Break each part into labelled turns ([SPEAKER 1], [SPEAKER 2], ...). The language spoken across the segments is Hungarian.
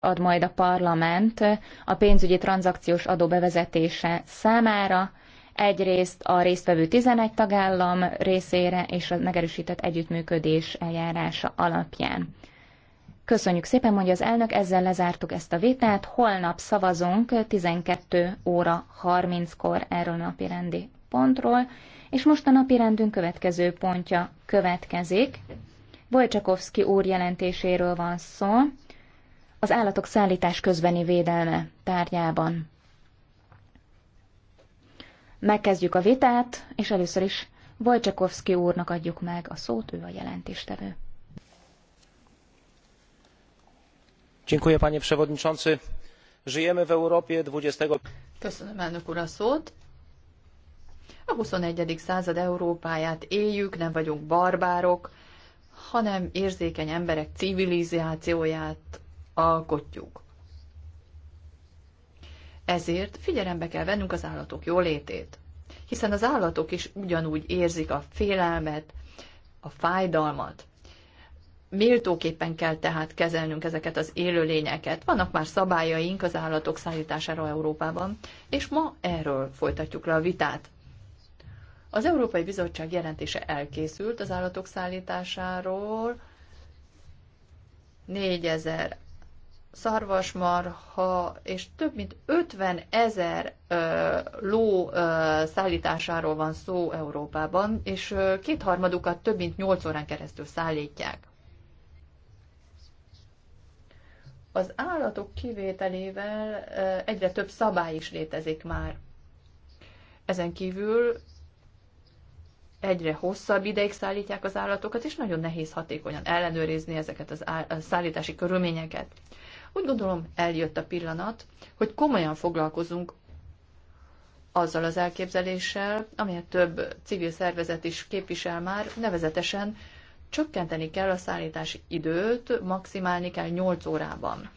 [SPEAKER 1] ad majd a parlament a pénzügyi tranzakciós adó bevezetése számára, egyrészt a résztvevő 11 tagállam részére és a megerősített együttműködés eljárása alapján. Köszönjük szépen, mondja az elnök, ezzel lezártuk ezt a vitát. Holnap szavazunk 12 óra 30-kor erről napi rendi pontról, és most a napi rendünk következő pontja következik. Wojciechowski úr jelentéséről van szó az állatok szállítás közbeni védelme tárgyában. Megkezdjük a vitát, és először is Wojciechowski úrnak adjuk meg a szót, ő
[SPEAKER 2] a jelentéstevő.
[SPEAKER 3] Dziękuję, panie przewodniczący. Żyjemy w Europie 20.
[SPEAKER 2] Köszönöm, elnök úr, a szót. A 21. század Európáját éljük, nem vagyunk barbárok, hanem érzékeny emberek civilizációját alkotjuk. Ezért figyelembe kell vennünk az állatok jólétét, hiszen az állatok is ugyanúgy érzik a félelmet, a fájdalmat. Méltóképpen kell tehát kezelnünk ezeket az élőlényeket. Vannak már szabályaink az állatok szállítására Európában, és ma erről folytatjuk le a vitát. Az Európai Bizottság jelentése elkészült az állatok szállításáról, 4000 szarvasmarha és több mint 50 ezer ló szállításáról van szó Európában, és kétharmadukat több mint 8 órán keresztül szállítják. Az állatok kivételével egyre több szabály is létezik már. Ezen kívül egyre hosszabb ideig szállítják az állatokat, és nagyon nehéz hatékonyan ellenőrizni ezeket az áll- szállítási körülményeket. Úgy gondolom, eljött a pillanat, hogy komolyan foglalkozunk azzal az elképzeléssel, amelyet több civil szervezet is képvisel már, nevezetesen csökkenteni kell a szállítási időt, maximálni kell 8 órában.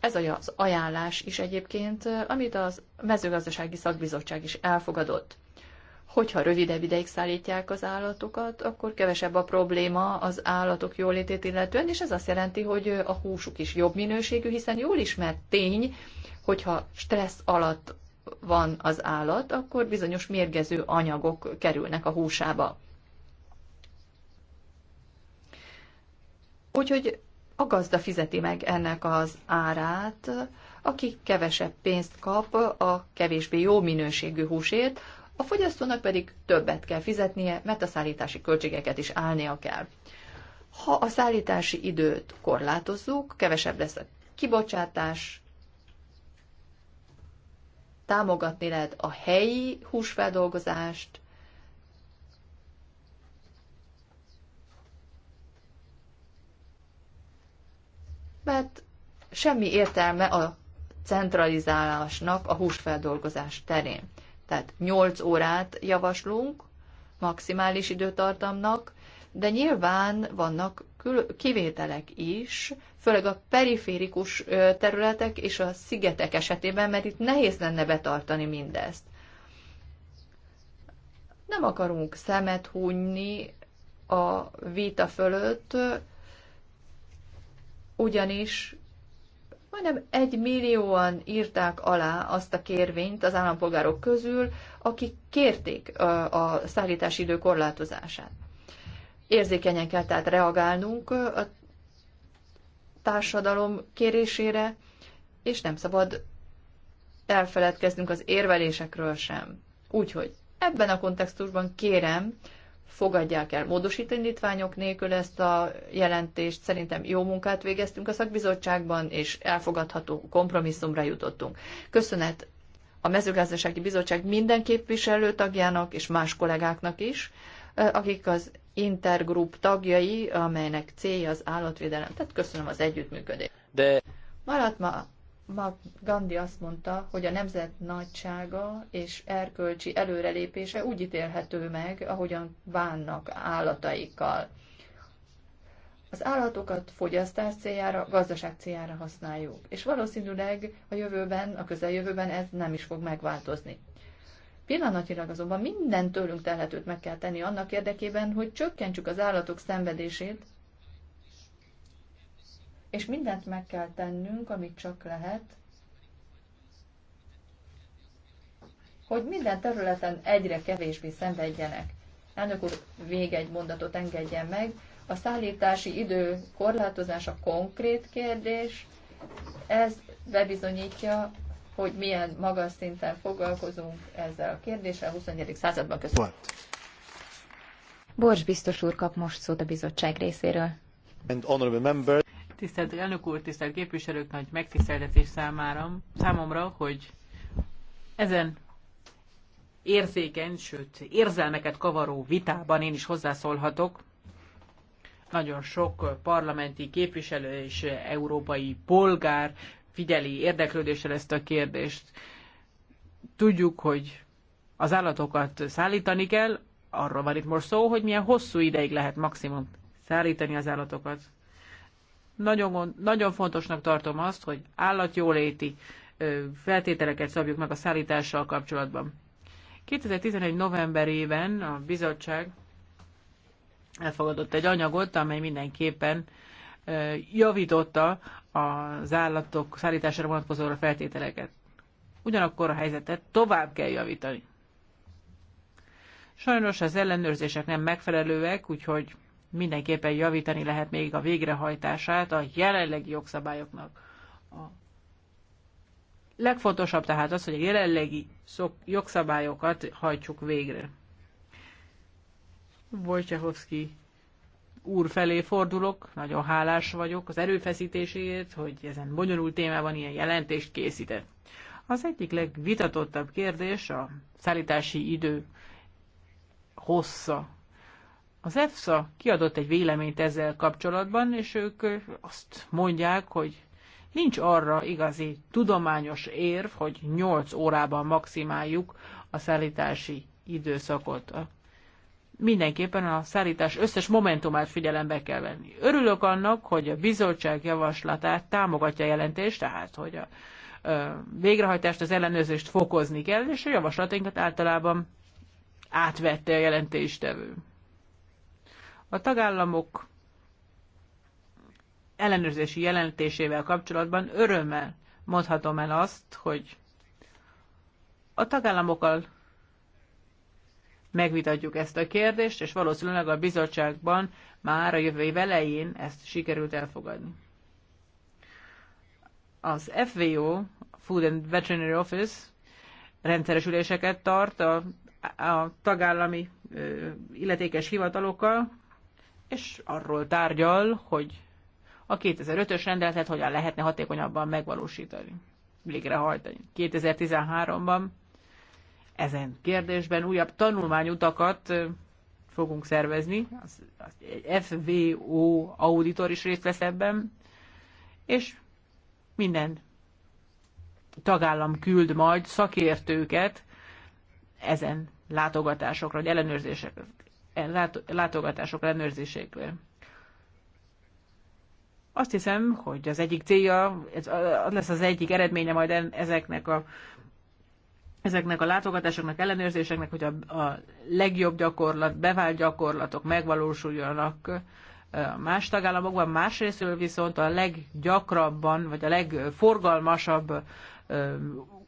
[SPEAKER 2] Ez az ajánlás is egyébként, amit a mezőgazdasági szakbizottság is elfogadott hogyha rövidebb ideig szállítják az állatokat, akkor kevesebb a probléma az állatok jólétét illetően, és ez azt jelenti, hogy a húsuk is jobb minőségű, hiszen jól ismert tény, hogyha stressz alatt van az állat, akkor bizonyos mérgező anyagok kerülnek a húsába. Úgyhogy a gazda fizeti meg ennek az árát, aki kevesebb pénzt kap a kevésbé jó minőségű húsért, a fogyasztónak pedig többet kell fizetnie, mert a szállítási költségeket is állnia kell. Ha a szállítási időt korlátozzuk, kevesebb lesz a kibocsátás, támogatni lehet a helyi húsfeldolgozást, mert semmi értelme a centralizálásnak a húsfeldolgozás terén tehát 8 órát javaslunk maximális időtartamnak, de nyilván vannak kivételek is, főleg a periférikus területek és a szigetek esetében, mert itt nehéz lenne betartani mindezt. Nem akarunk szemet hunyni a vita fölött, ugyanis majdnem egy millióan írták alá azt a kérvényt az állampolgárok közül, akik kérték a szállítási idő korlátozását. Érzékenyen kell tehát reagálnunk a társadalom kérésére, és nem szabad elfeledkeznünk az érvelésekről sem. Úgyhogy ebben a kontextusban kérem, fogadják el módosítanítványok nélkül ezt a jelentést. Szerintem jó munkát végeztünk a szakbizottságban, és elfogadható kompromisszumra jutottunk. Köszönet a mezőgazdasági bizottság minden képviselő tagjának és más kollégáknak is, akik az intergroup tagjai, amelynek célja az állatvédelem. Tehát köszönöm az együttműködést. De maradt ma Gandhi azt mondta, hogy a nemzet nagysága és erkölcsi előrelépése úgy ítélhető meg, ahogyan bánnak állataikkal. Az állatokat fogyasztás céljára, gazdaság céljára használjuk, és valószínűleg a jövőben, a közeljövőben ez nem is fog megváltozni. Pillanatilag azonban minden tőlünk telhetőt meg kell tenni annak érdekében, hogy csökkentsük az állatok szenvedését, és mindent meg kell tennünk, amit csak lehet, hogy minden területen egyre kevésbé szenvedjenek. Elnök úr, még egy mondatot engedjen meg. A szállítási idő korlátozása konkrét kérdés. Ez bebizonyítja, hogy milyen magas szinten foglalkozunk ezzel a kérdéssel. 21. században köszönöm.
[SPEAKER 1] Bors biztos úr kap most szót a bizottság részéről. And honorable members. Tisztelt elnök úr, tisztelt képviselők, nagy
[SPEAKER 4] megtiszteltetés számára, számomra, hogy ezen érzékeny, sőt érzelmeket kavaró vitában én is hozzászólhatok. Nagyon sok parlamenti képviselő és európai polgár figyeli érdeklődéssel ezt a kérdést. Tudjuk, hogy az állatokat szállítani kell, arról van itt most szó, hogy milyen hosszú ideig lehet maximum szállítani az állatokat. Nagyon, nagyon fontosnak tartom azt, hogy állatjóléti feltételeket szabjuk meg a szállítással kapcsolatban. 2011. novemberében a bizottság elfogadott egy anyagot, amely mindenképpen javította az állatok szállítására vonatkozó feltételeket. Ugyanakkor a helyzetet tovább kell javítani. Sajnos az ellenőrzések nem megfelelőek, úgyhogy mindenképpen javítani lehet még a végrehajtását a jelenlegi jogszabályoknak. A legfontosabb tehát az, hogy a jelenlegi jogszabályokat hajtsuk végre. Wojciechowski úr felé fordulok, nagyon hálás vagyok az erőfeszítéséért, hogy ezen bonyolult témában ilyen jelentést készített. Az egyik legvitatottabb kérdés a szállítási idő hossza. Az EFSA kiadott egy véleményt ezzel kapcsolatban, és ők azt mondják, hogy nincs arra igazi tudományos érv, hogy 8 órában maximáljuk a szállítási időszakot. Mindenképpen a szállítás összes momentumát figyelembe kell venni. Örülök annak, hogy a bizottság javaslatát támogatja a jelentés, tehát hogy a végrehajtást, az ellenőrzést fokozni kell, és a javaslatainkat általában átvette a jelentéstevő. A tagállamok ellenőrzési jelentésével kapcsolatban örömmel mondhatom el azt, hogy a tagállamokkal megvitatjuk ezt a kérdést, és valószínűleg a bizottságban már a jövő év elején ezt sikerült elfogadni. Az FVO, Food and Veterinary Office rendszeres üléseket tart a, a tagállami ö, illetékes hivatalokkal, és arról tárgyal, hogy a 2005-ös rendeletet hogyan lehetne hatékonyabban megvalósítani, végrehajtani. 2013-ban ezen kérdésben újabb tanulmányutakat fogunk szervezni, az, az egy FVO auditor is részt vesz ebben, és minden tagállam küld majd szakértőket ezen látogatásokra, vagy ellenőrzésekre látogatásokra, ellenőrzésekre. Azt hiszem, hogy az egyik célja, ez az lesz az egyik eredménye majd ezeknek a ezeknek a látogatásoknak, ellenőrzéseknek, hogy a, a legjobb gyakorlat, bevált gyakorlatok megvalósuljanak más tagállamokban, másrésztről viszont a leggyakrabban, vagy a legforgalmasabb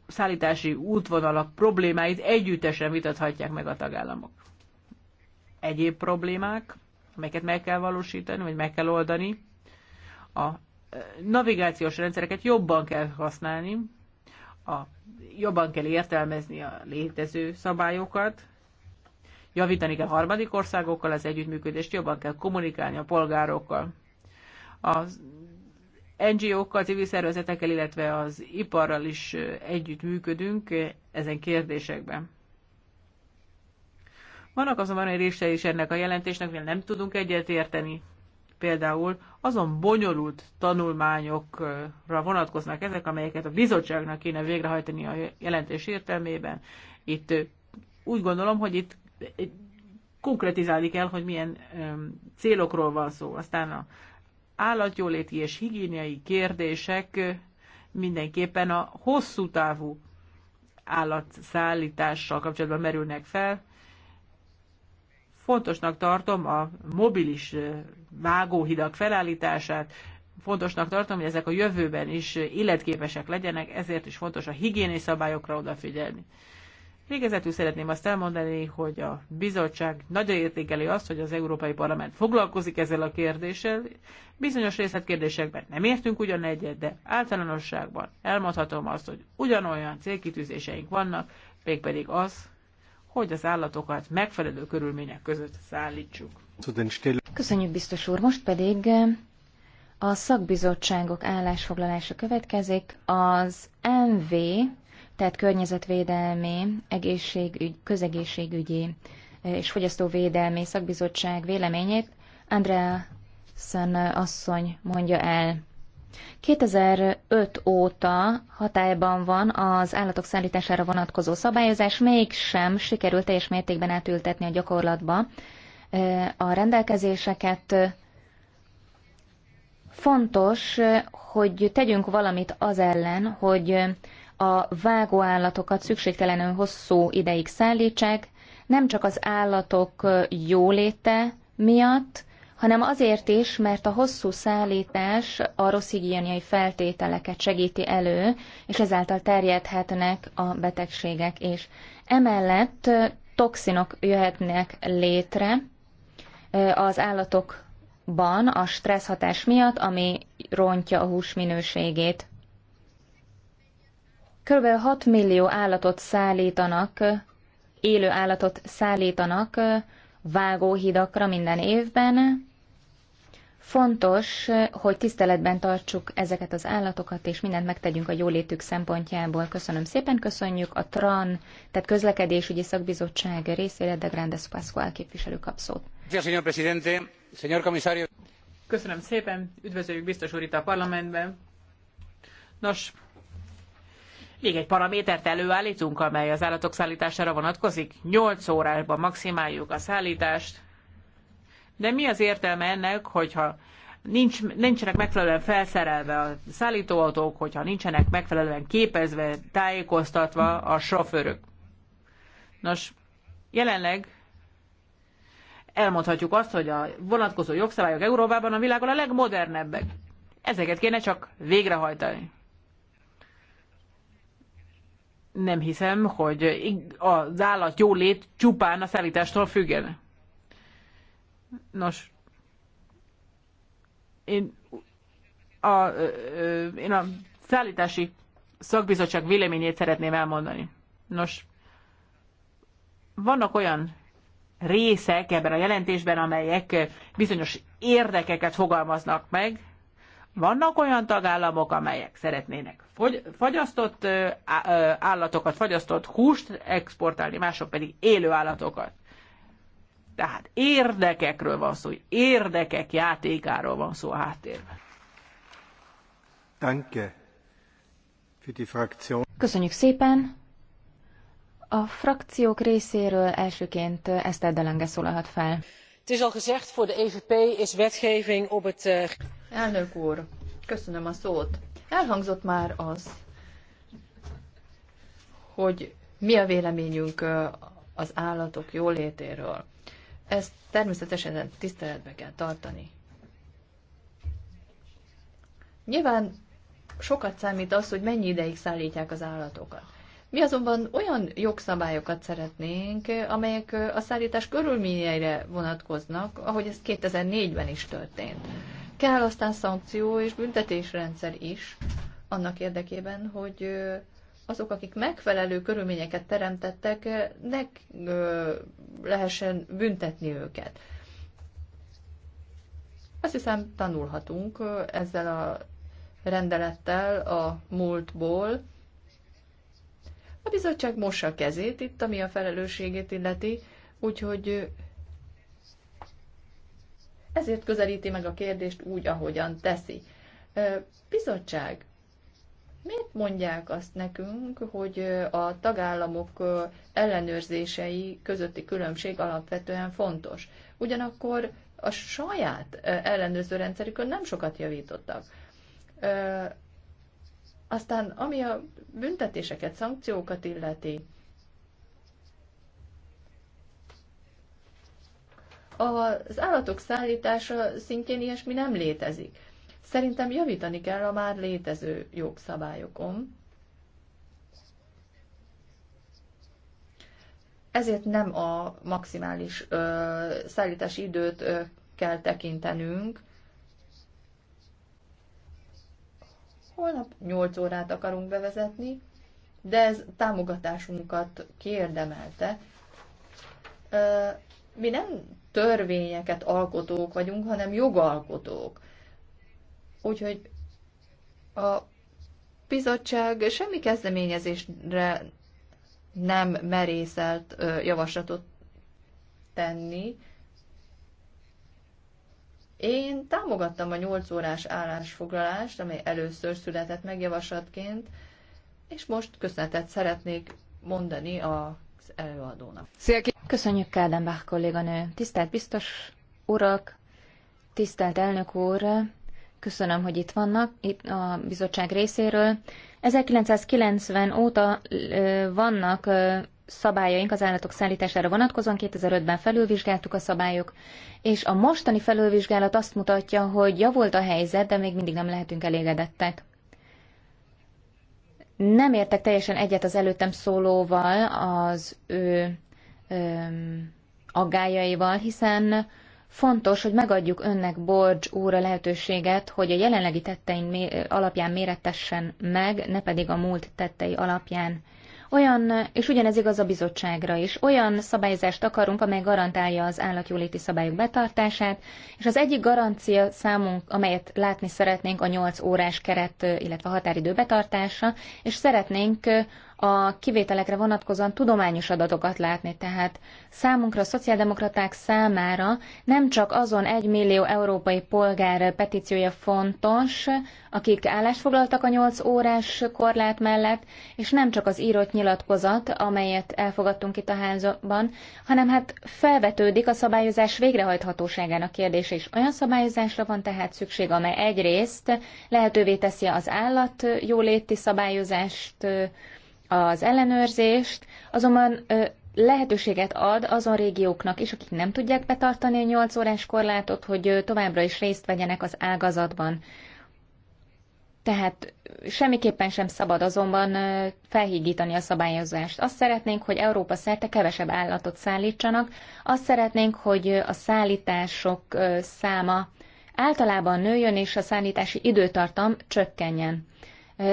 [SPEAKER 4] szállítási útvonalak problémáit együttesen vitathatják meg a tagállamok egyéb problémák, amelyeket meg kell valósítani, vagy meg kell oldani. A eh, navigációs rendszereket jobban kell használni, a, jobban kell értelmezni a létező szabályokat, javítani kell harmadik országokkal az együttműködést, jobban kell kommunikálni a polgárokkal. Az NGO-kkal, civil szervezetekkel, illetve az iparral is eh, együttműködünk eh, ezen kérdésekben. Vannak azonban egy része is ennek a jelentésnek, mivel nem tudunk egyet Például azon bonyolult tanulmányokra vonatkoznak ezek, amelyeket a bizottságnak kéne végrehajtani a jelentés értelmében. Itt úgy gondolom, hogy itt konkretizálni kell, hogy milyen célokról van szó. Aztán a állatjóléti és higiéniai kérdések mindenképpen a hosszú távú állatszállítással kapcsolatban merülnek fel. Fontosnak tartom a mobilis vágóhidak felállítását, fontosnak tartom, hogy ezek a jövőben is életképesek legyenek, ezért is fontos a higiéni szabályokra odafigyelni. Végezetül szeretném azt elmondani, hogy a bizottság nagyon értékeli azt, hogy az Európai Parlament foglalkozik ezzel a kérdéssel. Bizonyos részletkérdésekben nem értünk ugyan egyet, de általánosságban elmondhatom azt, hogy ugyanolyan célkitűzéseink vannak, mégpedig az, hogy az állatokat megfelelő körülmények között szállítsuk.
[SPEAKER 1] Köszönjük, biztos úr. Most pedig eh, a szakbizottságok állásfoglalása következik. Az MV, tehát környezetvédelmi, egészségügy, közegészségügyi eh, és fogyasztóvédelmi szakbizottság véleményét Andrea Szen asszony mondja el. 2005 óta hatályban van az állatok szállítására vonatkozó szabályozás, mégsem sikerült teljes mértékben átültetni a gyakorlatba a rendelkezéseket. Fontos, hogy tegyünk valamit az ellen, hogy a vágóállatokat szükségtelenül hosszú ideig szállítsák, nem csak az állatok jóléte miatt, hanem azért is, mert a hosszú szállítás a rossz higiéniai feltételeket segíti elő, és ezáltal terjedhetnek a betegségek is. Emellett toxinok jöhetnek létre az állatokban a stressz hatás miatt, ami rontja a hús minőségét. Körülbelül 6 millió állatot szállítanak, élő állatot szállítanak vágóhidakra minden évben, Fontos, hogy tiszteletben tartsuk ezeket az állatokat, és mindent megtegyünk a jólétük szempontjából. Köszönöm szépen, köszönjük a TRAN, tehát közlekedésügyi szakbizottság részére de Grandes Pascual képviselő kap szót.
[SPEAKER 4] Köszönöm szépen, üdvözöljük biztos úr itt a parlamentben. Nos, még egy paramétert előállítunk, amely az állatok szállítására vonatkozik. 8 órában maximáljuk a szállítást, de mi az értelme ennek, hogyha nincs, nincsenek megfelelően felszerelve a szállítóautók, hogyha nincsenek megfelelően képezve, tájékoztatva a sofőrök? Nos, jelenleg elmondhatjuk azt, hogy a vonatkozó jogszabályok Európában a világon a legmodernebbek. Ezeket kéne csak végrehajtani. Nem hiszem, hogy az állat jólét csupán a szállítástól függene. Nos, én a, én a szállítási szakbizottság véleményét szeretném elmondani. Nos, vannak olyan részek ebben a jelentésben, amelyek bizonyos érdekeket fogalmaznak meg. Vannak olyan tagállamok, amelyek szeretnének fogy, fagyasztott állatokat, fagyasztott húst exportálni, mások pedig élő állatokat. Tehát érdekekről van szó, érdekek játékáról van szó a háttérben.
[SPEAKER 3] Danke. Für die Fraktion.
[SPEAKER 1] Köszönjük szépen. A frakciók részéről elsőként Eszter Delenge szólalhat fel. Het
[SPEAKER 2] is al gezegd, voor de EVP is wetgeving op het... Eh, Elnök úr, köszönöm a szót. Elhangzott már az, hogy mi a véleményünk eh, az állatok jólétéről. Ezt természetesen tiszteletbe kell tartani. Nyilván sokat számít az, hogy mennyi ideig szállítják az állatokat. Mi azonban olyan jogszabályokat szeretnénk, amelyek a szállítás körülményeire vonatkoznak, ahogy ez 2004-ben is történt. Kell aztán szankció és büntetésrendszer is, annak érdekében, hogy azok, akik megfelelő körülményeket teremtettek, eh, ne lehessen büntetni őket. Azt hiszem, tanulhatunk ezzel a rendelettel a múltból. A bizottság mossa a kezét itt, ami a felelősségét illeti, úgyhogy ezért közelíti meg a kérdést úgy, ahogyan teszi. Bizottság, Miért mondják azt nekünk, hogy a tagállamok ellenőrzései közötti különbség alapvetően fontos? Ugyanakkor a saját ellenőrző rendszerükön nem sokat javítottak. Aztán, ami a büntetéseket, szankciókat illeti, az állatok szállítása szintjén ilyesmi nem létezik. Szerintem javítani kell a már létező jogszabályokon. Ezért nem a maximális ö, szállítási időt ö, kell tekintenünk. Holnap 8 órát akarunk bevezetni, de ez támogatásunkat kiérdemelte. Ö, mi nem törvényeket alkotók vagyunk, hanem jogalkotók Úgyhogy a bizottság semmi kezdeményezésre nem merészelt javaslatot tenni. Én támogattam a 8 órás állásfoglalást, amely először született meg javaslatként, és most köszönetet szeretnék mondani az előadónak. Szia Köszönjük Kádenbach kolléganő.
[SPEAKER 1] Tisztelt biztos urak, tisztelt elnök úr, Köszönöm, hogy itt vannak, itt a bizottság részéről. 1990 óta vannak szabályaink az állatok szállítására vonatkozóan, 2005-ben felülvizsgáltuk a szabályok, és a mostani felülvizsgálat azt mutatja, hogy javult a helyzet, de még mindig nem lehetünk elégedettek. Nem értek teljesen egyet az előttem szólóval, az ő ö, aggájaival, hiszen Fontos, hogy megadjuk önnek, Borcs úr, a lehetőséget, hogy a jelenlegi tettein alapján mérettessen meg, ne pedig a múlt tettei alapján. Olyan, és ugyanez igaz a bizottságra is, olyan szabályzást akarunk, amely garantálja az állatjóléti szabályok betartását, és az egyik garancia számunk, amelyet látni szeretnénk, a 8 órás keret, illetve határidő betartása, és szeretnénk a kivételekre vonatkozóan tudományos adatokat látni. Tehát számunkra, a szociáldemokraták számára nem csak azon 1 millió európai polgár petíciója fontos, akik állást foglaltak a nyolc órás korlát mellett, és nem csak az írott nyilatkozat, amelyet elfogadtunk itt a házban, hanem hát felvetődik a szabályozás végrehajthatóságának kérdése is. Olyan szabályozásra van tehát szükség, amely egyrészt lehetővé teszi az állat jóléti szabályozást, az ellenőrzést, azonban lehetőséget ad azon régióknak is, akik nem tudják betartani a 8 órás korlátot, hogy továbbra is részt vegyenek az ágazatban. Tehát semmiképpen sem szabad azonban felhígítani a szabályozást. Azt szeretnénk, hogy Európa szerte kevesebb állatot szállítsanak, azt szeretnénk, hogy a szállítások száma általában nőjön és a szállítási időtartam csökkenjen.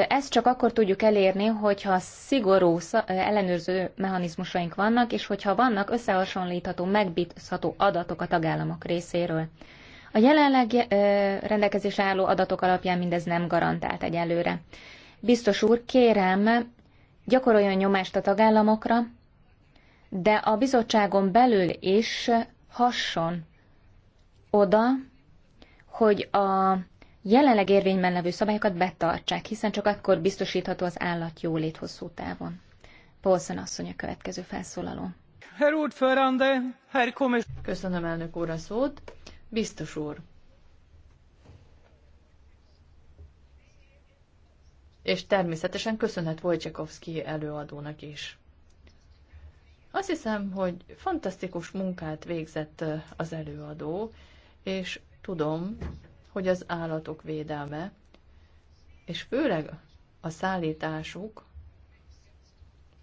[SPEAKER 1] Ezt csak akkor tudjuk elérni, hogyha szigorú ellenőrző mechanizmusaink vannak, és hogyha vannak összehasonlítható, megbízható adatok a tagállamok részéről. A jelenleg rendelkezésre álló adatok alapján mindez nem garantált egyelőre. Biztos úr, kérem, gyakoroljon nyomást a tagállamokra, de a bizottságon belül is hasson oda, hogy a jelenleg érvényben levő szabályokat betartsák, hiszen csak akkor biztosítható az állat jólét hosszú távon. Paulson asszony a következő felszólaló.
[SPEAKER 2] Herr ordförande, herr Köszönöm elnök úr a szót. Biztos úr. És természetesen köszönhet Wojciechowski előadónak is. Azt hiszem, hogy fantasztikus munkát végzett az előadó, és tudom, hogy az állatok védelme, és főleg a szállításuk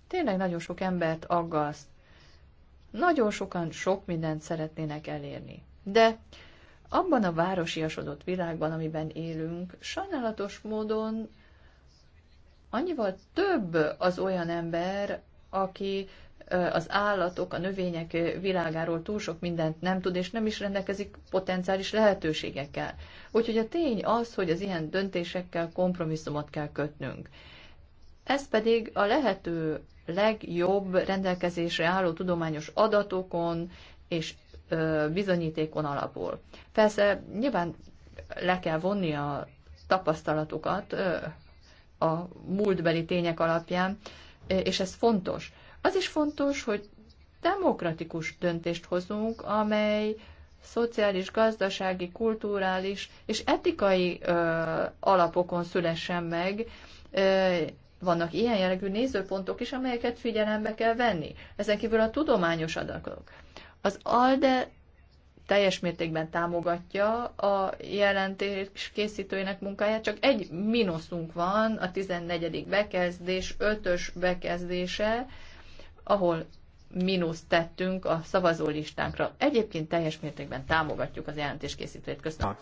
[SPEAKER 2] tényleg nagyon sok embert aggaszt. Nagyon sokan sok mindent szeretnének elérni. De abban a városiasodott világban, amiben élünk, sajnálatos módon annyival több az olyan ember, aki az állatok, a növények világáról túl sok mindent nem tud, és nem is rendelkezik potenciális lehetőségekkel. Úgyhogy a tény az, hogy az ilyen döntésekkel kompromisszumot kell kötnünk. Ez pedig a lehető legjobb rendelkezésre álló tudományos adatokon és bizonyítékon alapul. Persze nyilván le kell vonni a tapasztalatokat a múltbeli tények alapján, és ez fontos. Az is fontos, hogy demokratikus döntést hozunk, amely szociális, gazdasági, kulturális és etikai ö, alapokon szülessen meg. Ö, vannak ilyen jellegű nézőpontok is, amelyeket figyelembe kell venni. Ezen kívül a tudományos adatok. Az ALDE teljes mértékben támogatja a jelentés készítőinek munkáját, csak egy mínuszunk van, a 14. bekezdés, 5-ös bekezdése, ahol mínuszt tettünk a szavazólistánkra. Egyébként teljes mértékben támogatjuk az jelentéskészítőt. Köszönöm.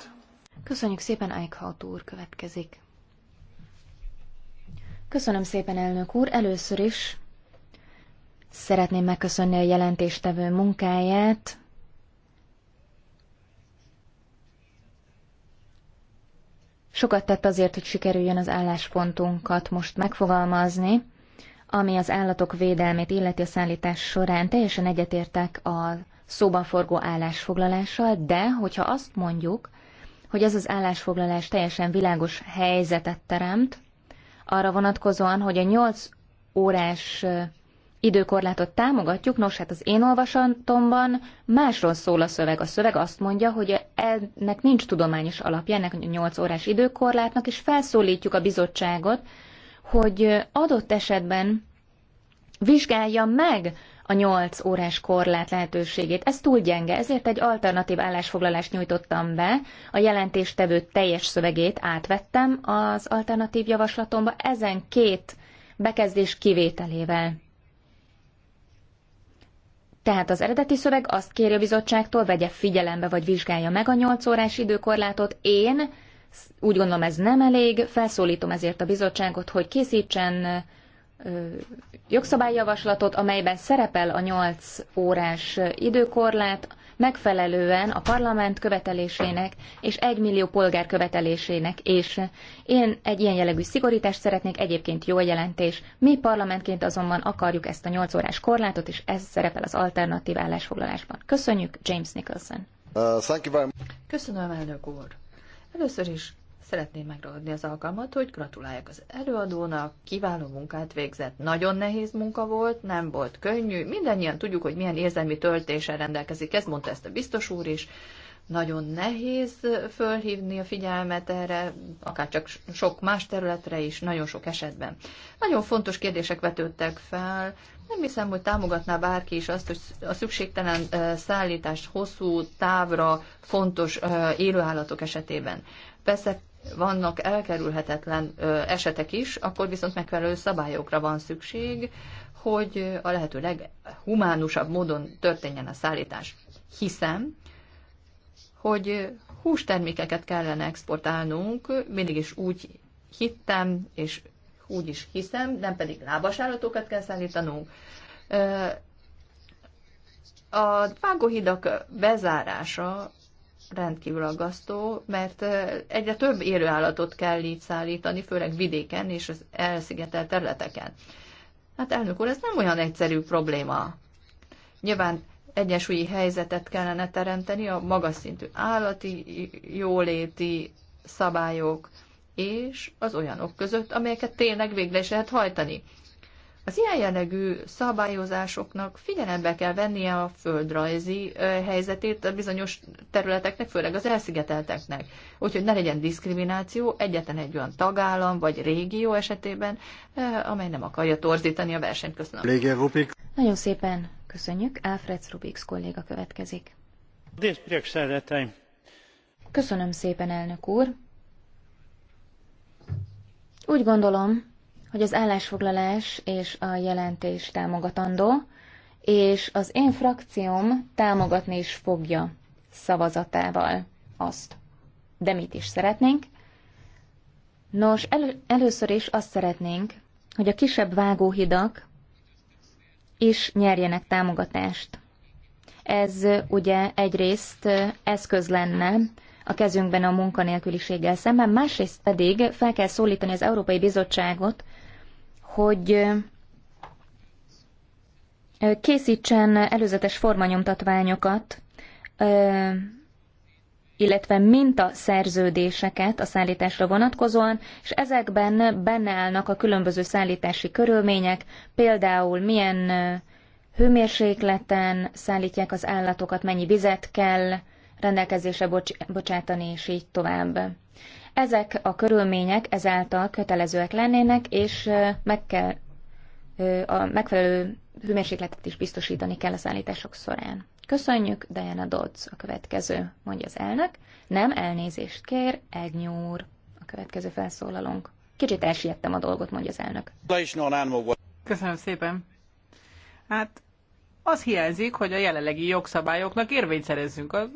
[SPEAKER 1] Köszönjük szépen, Eichhaut úr következik. Köszönöm szépen, elnök úr. Először is szeretném megköszönni a jelentéstevő munkáját. Sokat tett azért, hogy sikerüljön az álláspontunkat most megfogalmazni ami az állatok védelmét illeti a szállítás során. Teljesen egyetértek a szóban forgó állásfoglalással, de hogyha azt mondjuk, hogy ez az állásfoglalás teljesen világos helyzetet teremt, arra vonatkozóan, hogy a 8 órás időkorlátot támogatjuk, nos hát az én olvasatomban másról szól a szöveg. A szöveg azt mondja, hogy ennek nincs tudományos alapja, ennek a 8 órás időkorlátnak, és felszólítjuk a bizottságot, hogy adott esetben vizsgálja meg a 8 órás korlát lehetőségét. Ez túl gyenge, ezért egy alternatív állásfoglalást nyújtottam be. A jelentéstevő teljes szövegét átvettem az alternatív javaslatomba, ezen két bekezdés kivételével. Tehát az eredeti szöveg azt kéri a bizottságtól, vegye figyelembe vagy vizsgálja meg a 8 órás időkorlátot. Én úgy gondolom ez nem elég, felszólítom ezért a bizottságot, hogy készítsen jogszabályjavaslatot, amelyben szerepel a 8 órás időkorlát, megfelelően a parlament követelésének és egy millió polgár követelésének, és én egy ilyen jellegű szigorítást szeretnék, egyébként jó jelentés. Mi parlamentként azonban akarjuk ezt a 8 órás korlátot, és ez szerepel az
[SPEAKER 2] alternatív állásfoglalásban. Köszönjük, James Nicholson. Uh, Köszönöm, elnök úr. Először is szeretném megragadni az alkalmat, hogy gratuláljak az előadónak, kiváló munkát végzett, nagyon nehéz munka volt, nem volt könnyű, mindannyian tudjuk, hogy milyen érzelmi töltéssel rendelkezik, ezt mondta ezt a biztos úr is, nagyon nehéz fölhívni a figyelmet erre, akár csak sok más területre is, nagyon sok esetben. Nagyon fontos kérdések vetődtek fel. Nem hiszem, hogy támogatná bárki is azt, hogy a szükségtelen szállítás hosszú távra fontos élőállatok esetében. Persze vannak elkerülhetetlen esetek is, akkor viszont megfelelő szabályokra van szükség, hogy a lehető leghumánusabb módon történjen a szállítás. Hiszem, hogy hústermékeket kellene exportálnunk, mindig is úgy hittem, és úgy is hiszem, nem pedig lábasállatokat kell szállítanunk. A vágóhidak bezárása rendkívül aggasztó, mert egyre több élőállatot kell így szállítani, főleg vidéken és az elszigetelt területeken. Hát elnök úr, ez nem olyan egyszerű probléma. Nyilván egyensúlyi helyzetet kellene teremteni a magas szintű állati jóléti szabályok és az olyanok között, amelyeket tényleg végre is lehet hajtani. Az ilyen jellegű szabályozásoknak figyelembe kell vennie a földrajzi helyzetét a bizonyos területeknek, főleg az elszigetelteknek. Úgyhogy ne legyen diszkrimináció egyetlen egy olyan tagállam vagy régió esetében, amely nem akarja torzítani a versenyt. Köszönöm. Nagyon szépen Köszönjük.
[SPEAKER 1] Alfred Rubix kolléga következik. Köszönöm szépen, elnök úr. Úgy gondolom, hogy az állásfoglalás és a jelentés támogatandó, és az én frakcióm támogatni is fogja szavazatával azt. De mit is szeretnénk? Nos, elő, először is azt szeretnénk, hogy a kisebb vágóhidak is nyerjenek támogatást. Ez ugye egyrészt eszköz lenne a kezünkben a munkanélküliséggel szemben, másrészt pedig fel kell szólítani az Európai Bizottságot, hogy készítsen előzetes formanyomtatványokat illetve mintaszerződéseket a szállításra vonatkozóan, és ezekben benne állnak a különböző szállítási körülmények, például milyen hőmérsékleten szállítják az állatokat, mennyi vizet kell rendelkezésre bocs- bocsátani, és így tovább. Ezek a körülmények ezáltal kötelezőek lennének, és meg kell a megfelelő hőmérsékletet is biztosítani kell a szállítások során. Köszönjük, Diana Dodds a következő, mondja az elnök. Nem, elnézést kér, Egnyú úr. A következő felszólalónk. Kicsit elsiettem a dolgot, mondja az elnök. Köszönöm szépen. Hát az hiányzik,
[SPEAKER 4] hogy a jelenlegi jogszabályoknak érvényt szerezzünk. Az,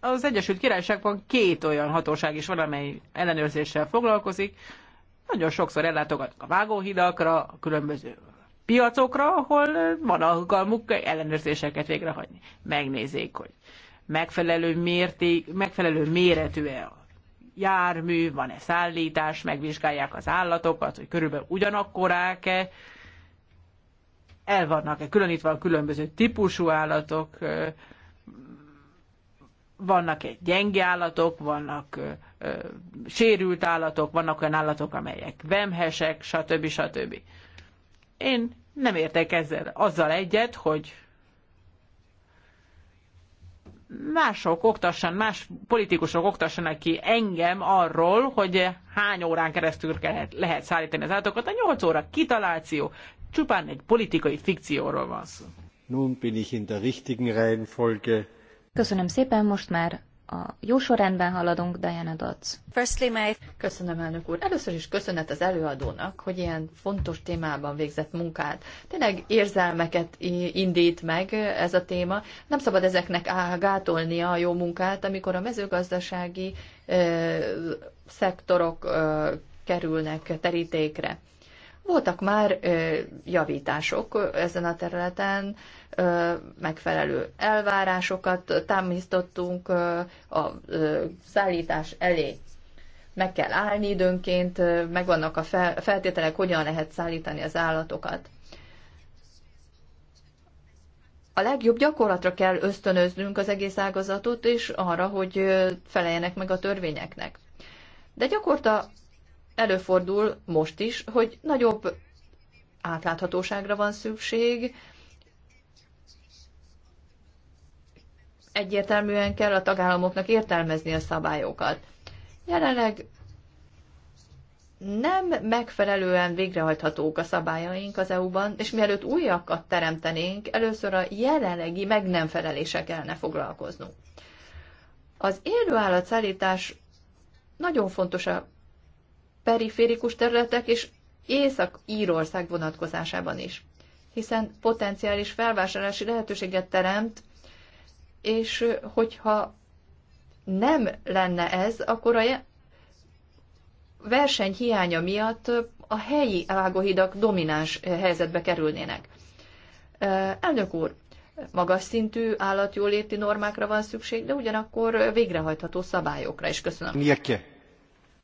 [SPEAKER 4] az Egyesült Királyságban két olyan hatóság is van, amely ellenőrzéssel foglalkozik. Nagyon sokszor ellátogatnak a vágóhidakra, a különböző piacokra, ahol van alkalmuk ellenőrzéseket végrehajtni. Megnézzék, hogy megfelelő, mérték, megfelelő méretű-e a jármű, van-e szállítás, megvizsgálják az állatokat, hogy körülbelül ugyanakkorák-e, el vannak-e különítve a különböző típusú állatok, vannak-e gyenge állatok, vannak ö, sérült állatok, vannak olyan állatok, amelyek vemhesek, stb. stb. Én nem értek ezzel azzal egyet, hogy mások oktassan, más politikusok oktassanak ki engem arról, hogy hány órán keresztül lehet, lehet szállítani az állatokat. A 8 óra kitaláció, csupán egy politikai fikcióról van szó.
[SPEAKER 3] Nun bin ich in der richtigen Reihenfolge.
[SPEAKER 1] Köszönöm szépen, most már a jó sorrendben haladunk,
[SPEAKER 2] Diana Dodds. Firstly, Köszönöm, elnök úr. Először is köszönet az előadónak, hogy ilyen fontos témában végzett munkát. Tényleg érzelmeket indít meg ez a téma. Nem szabad ezeknek gátolnia a jó munkát, amikor a mezőgazdasági szektorok kerülnek terítékre. Voltak már javítások ezen a területen, megfelelő elvárásokat támasztottunk a szállítás elé. Meg kell állni időnként, megvannak a feltételek, hogyan lehet szállítani az állatokat. A legjobb gyakorlatra kell ösztönöznünk az egész ágazatot, és arra, hogy feleljenek meg a törvényeknek. De gyakorta előfordul most is, hogy nagyobb átláthatóságra van szükség, egyértelműen kell a tagállamoknak értelmezni a szabályokat. Jelenleg nem megfelelően végrehajthatók a szabályaink az EU-ban, és mielőtt újakat teremtenénk, először a jelenlegi meg nem felelések ne foglalkoznunk. Az élő állatszállítás nagyon fontos a periférikus területek és Észak-Írország vonatkozásában is, hiszen potenciális felvásárlási lehetőséget teremt, és hogyha nem lenne ez, akkor a verseny hiánya miatt a helyi vágóhidak domináns helyzetbe kerülnének. Elnök úr, magas szintű állatjóléti normákra van szükség, de ugyanakkor végrehajtható szabályokra is. Köszönöm. Miért?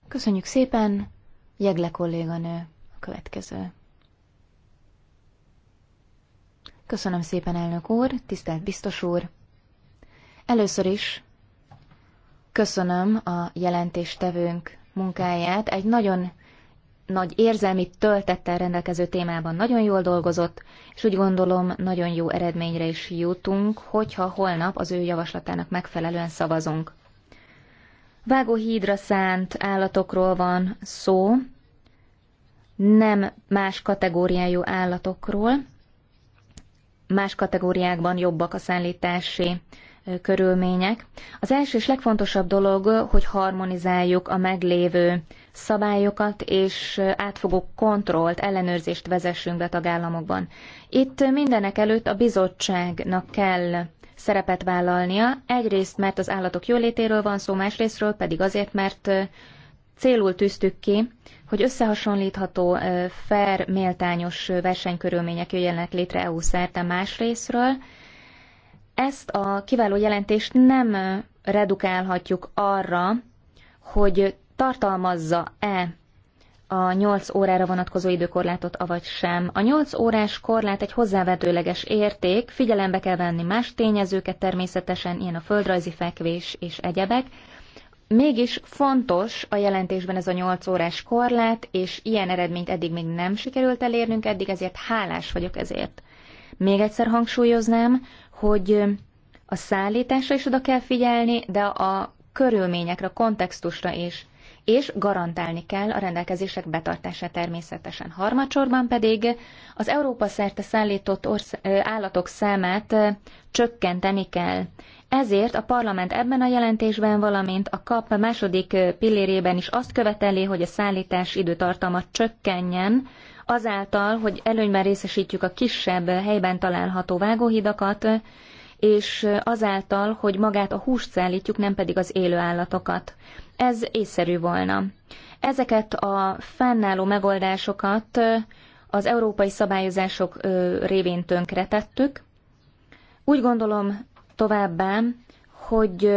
[SPEAKER 1] Köszönjük szépen, Jegle kolléganő a következő. Köszönöm szépen, elnök úr, tisztelt biztos úr. Először is köszönöm a jelentéstevőnk munkáját. Egy nagyon nagy érzelmi töltettel rendelkező témában nagyon jól dolgozott, és úgy gondolom nagyon jó eredményre is jutunk, hogyha holnap az ő javaslatának megfelelően szavazunk vágóhídra szánt állatokról van szó, nem más kategóriájú állatokról. Más kategóriákban jobbak a szállítási körülmények. Az első és legfontosabb dolog, hogy harmonizáljuk a meglévő szabályokat, és átfogó kontrollt, ellenőrzést vezessünk be a tagállamokban. Itt mindenek előtt a bizottságnak kell szerepet vállalnia, egyrészt mert az állatok jólétéről van szó, másrésztről pedig azért, mert célul tűztük ki, hogy összehasonlítható, fair, méltányos versenykörülmények jöjjenek létre EU szerte másrésztről. Ezt a kiváló jelentést nem redukálhatjuk arra, hogy tartalmazza-e a 8 órára vonatkozó időkorlátot, avagy sem. A 8 órás korlát egy hozzávetőleges érték, figyelembe kell venni más tényezőket természetesen, ilyen a földrajzi fekvés és egyebek. Mégis fontos a jelentésben ez a 8 órás korlát, és ilyen eredményt eddig még nem sikerült elérnünk, eddig ezért hálás vagyok ezért. Még egyszer hangsúlyoznám, hogy a szállításra is oda kell figyelni, de a körülményekre, a kontextusra is és garantálni kell a rendelkezések betartását természetesen. Harmadsorban pedig az Európa szerte szállított állatok számát csökkenteni kell. Ezért a parlament ebben a jelentésben, valamint a KAP második pillérében is azt követeli, hogy a szállítás időtartama csökkenjen, azáltal, hogy előnyben részesítjük a kisebb helyben található vágóhidakat, és azáltal, hogy magát a húst szállítjuk, nem pedig az élő állatokat. Ez észszerű volna. Ezeket a fennálló megoldásokat az európai szabályozások révén tönkretettük. Úgy gondolom továbbá, hogy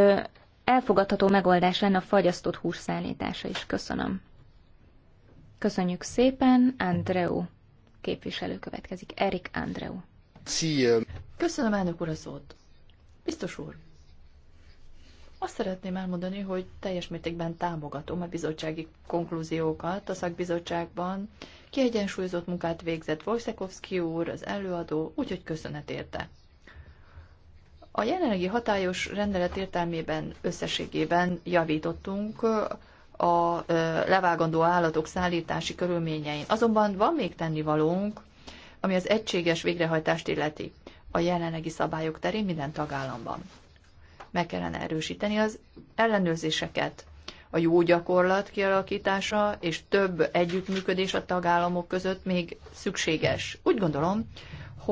[SPEAKER 1] elfogadható megoldás lenne a fagyasztott hús szállítása is. Köszönöm. Köszönjük szépen, Andreu képviselő következik, Erik Andreu. Szia! Köszönöm elnök úr
[SPEAKER 2] a szót. Biztos úr, azt szeretném elmondani, hogy teljes mértékben támogatom a bizottsági konklúziókat a szakbizottságban. Kiegyensúlyozott munkát végzett Wojciechowski úr, az előadó, úgyhogy köszönet érte. A jelenlegi hatályos rendelet értelmében összességében javítottunk a levágandó állatok szállítási körülményein. Azonban van még tennivalónk, ami az egységes végrehajtást illeti a jelenlegi szabályok terén minden tagállamban meg kellene erősíteni az ellenőrzéseket. A jó gyakorlat kialakítása és több együttműködés a tagállamok között még szükséges. Úgy gondolom,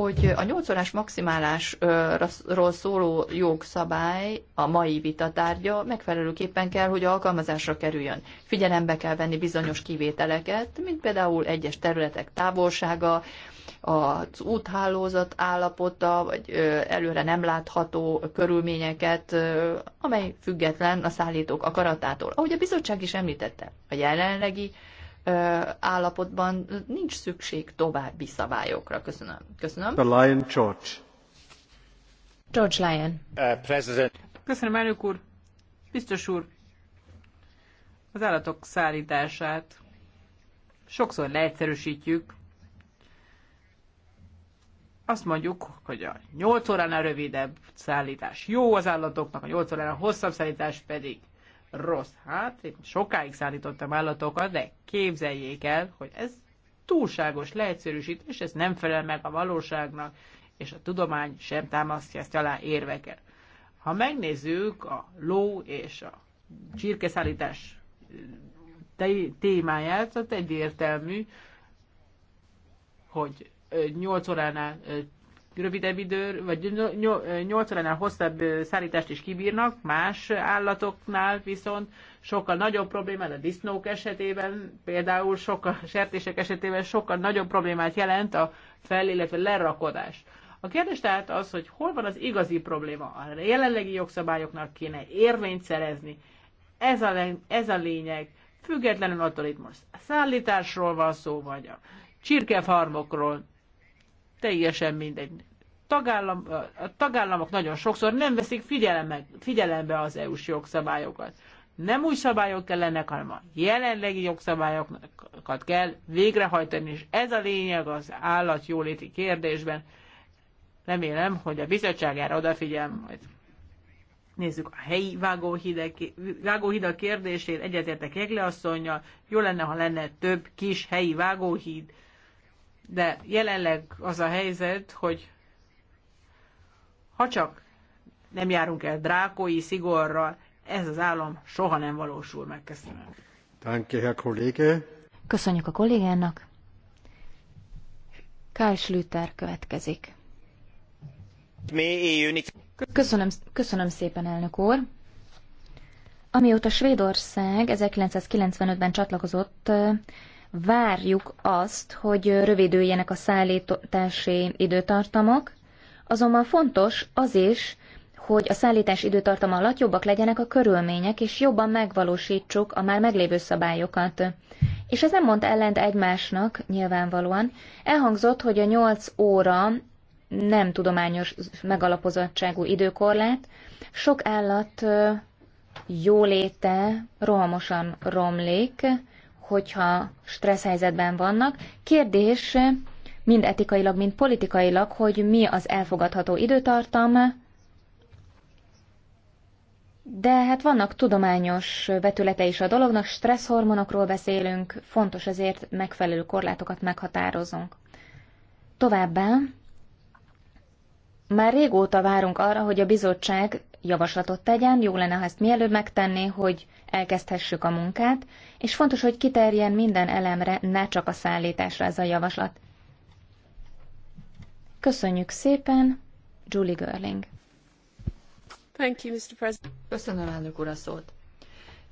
[SPEAKER 2] hogy a 8 órás maximálásról szóló jogszabály a mai vitatárgya megfelelőképpen kell, hogy alkalmazásra kerüljön. Figyelembe kell venni bizonyos kivételeket, mint például egyes területek távolsága, az úthálózat állapota, vagy előre nem látható körülményeket, amely független a szállítók akaratától. Ahogy a bizottság is említette, a jelenlegi állapotban nincs szükség további szabályokra. Köszönöm. Köszönöm. The
[SPEAKER 3] Lion George.
[SPEAKER 2] George Lyon.
[SPEAKER 3] Uh, president.
[SPEAKER 4] Köszönöm, elnök úr. Biztos úr. Az állatok szállítását sokszor leegyszerűsítjük. Azt mondjuk, hogy a 8 óránál rövidebb szállítás jó az állatoknak, a 8 óránál hosszabb szállítás pedig rossz. Hát, én sokáig szállítottam állatokat, de képzeljék el, hogy ez túlságos leegyszerűsítés, és ez nem felel meg a valóságnak, és a tudomány sem támasztja ezt alá érvekkel. Ha megnézzük a ló és a csirkeszállítás témáját, az egyértelmű, hogy 8 óránál rövidebb idő, vagy 8 óránál hosszabb szállítást is kibírnak, más állatoknál viszont sokkal nagyobb problémát, a disznók esetében, például sokkal, sertések esetében sokkal nagyobb problémát jelent a fel, illetve lerakodás. A kérdés tehát az, hogy hol van az igazi probléma. A jelenlegi jogszabályoknak kéne érvényt szerezni. Ez a, ez a lényeg. Függetlenül attól itt most a szállításról van szó, vagy a csirkefarmokról, teljesen mindegy. Tagállam, a tagállamok nagyon sokszor nem veszik figyelembe, figyelembe az EU-s jogszabályokat. Nem új szabályok kellenek, hanem a jelenlegi jogszabályokat kell végrehajtani, és ez a lényeg az állatjóléti kérdésben. Remélem, hogy a bizottság erre odafigyel majd. Nézzük a helyi vágóhidak kérdését, egyetértek Jegle asszonynal. Jó lenne, ha lenne több kis helyi vágóhíd, de jelenleg az a helyzet, hogy ha csak nem járunk el drákói szigorral, ez az állam soha nem
[SPEAKER 1] valósul meg. Köszönöm.
[SPEAKER 3] Danke, Herr Kollege.
[SPEAKER 1] Köszönjük a kollégának. Karl Schlüter következik. Köszönöm, köszönöm szépen, elnök úr. Amióta Svédország 1995-ben csatlakozott Várjuk azt, hogy rövidüljenek a szállítási időtartamok, azonban fontos az is, hogy a szállítás időtartama alatt jobbak legyenek a körülmények, és jobban megvalósítsuk a már meglévő szabályokat. És ez nem mond ellent egymásnak, nyilvánvalóan. Elhangzott, hogy a 8 óra nem tudományos megalapozottságú időkorlát, sok állat jóléte rohamosan romlik, hogyha stressz helyzetben vannak. Kérdés mind etikailag, mind politikailag, hogy mi az elfogadható időtartam, de hát vannak tudományos vetülete is a dolognak, stresszhormonokról beszélünk, fontos ezért megfelelő korlátokat meghatározunk. Továbbá már régóta várunk arra, hogy a bizottság javaslatot tegyen, jó lenne, ha ezt mielőbb megtenné, hogy elkezdhessük a munkát, és fontos, hogy kiterjen minden elemre, ne csak a szállításra ez a javaslat. Köszönjük szépen, Julie Görling.
[SPEAKER 2] Thank you, Mr. President. Köszönöm, elnök úr, a szót.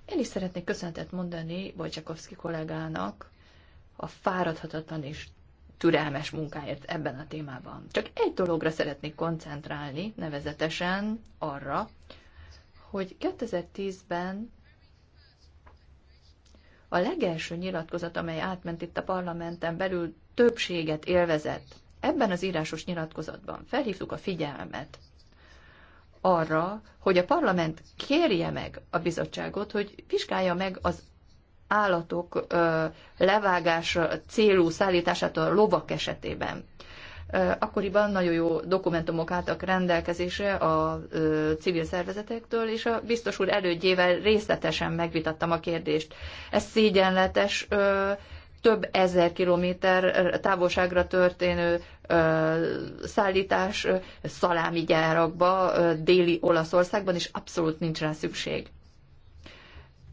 [SPEAKER 2] Én is szeretnék köszönetet mondani Bojcsakovszki kollégának a fáradhatatlan és türelmes munkáért ebben a témában. Csak egy dologra szeretnék koncentrálni, nevezetesen arra, hogy 2010-ben a legelső nyilatkozat, amely átment itt a parlamenten belül, többséget élvezett. Ebben az írásos nyilatkozatban felhívtuk a figyelmet arra, hogy a parlament kérje meg a bizottságot, hogy vizsgálja meg az állatok levágása célú szállítását a lovak esetében. Akkoriban nagyon jó dokumentumok álltak rendelkezésre a civil szervezetektől, és a biztos úr elődjével részletesen megvitattam a kérdést. Ez szégyenletes, több ezer kilométer távolságra történő szállítás szalámi gyárakba, déli Olaszországban, és abszolút nincs rá szükség.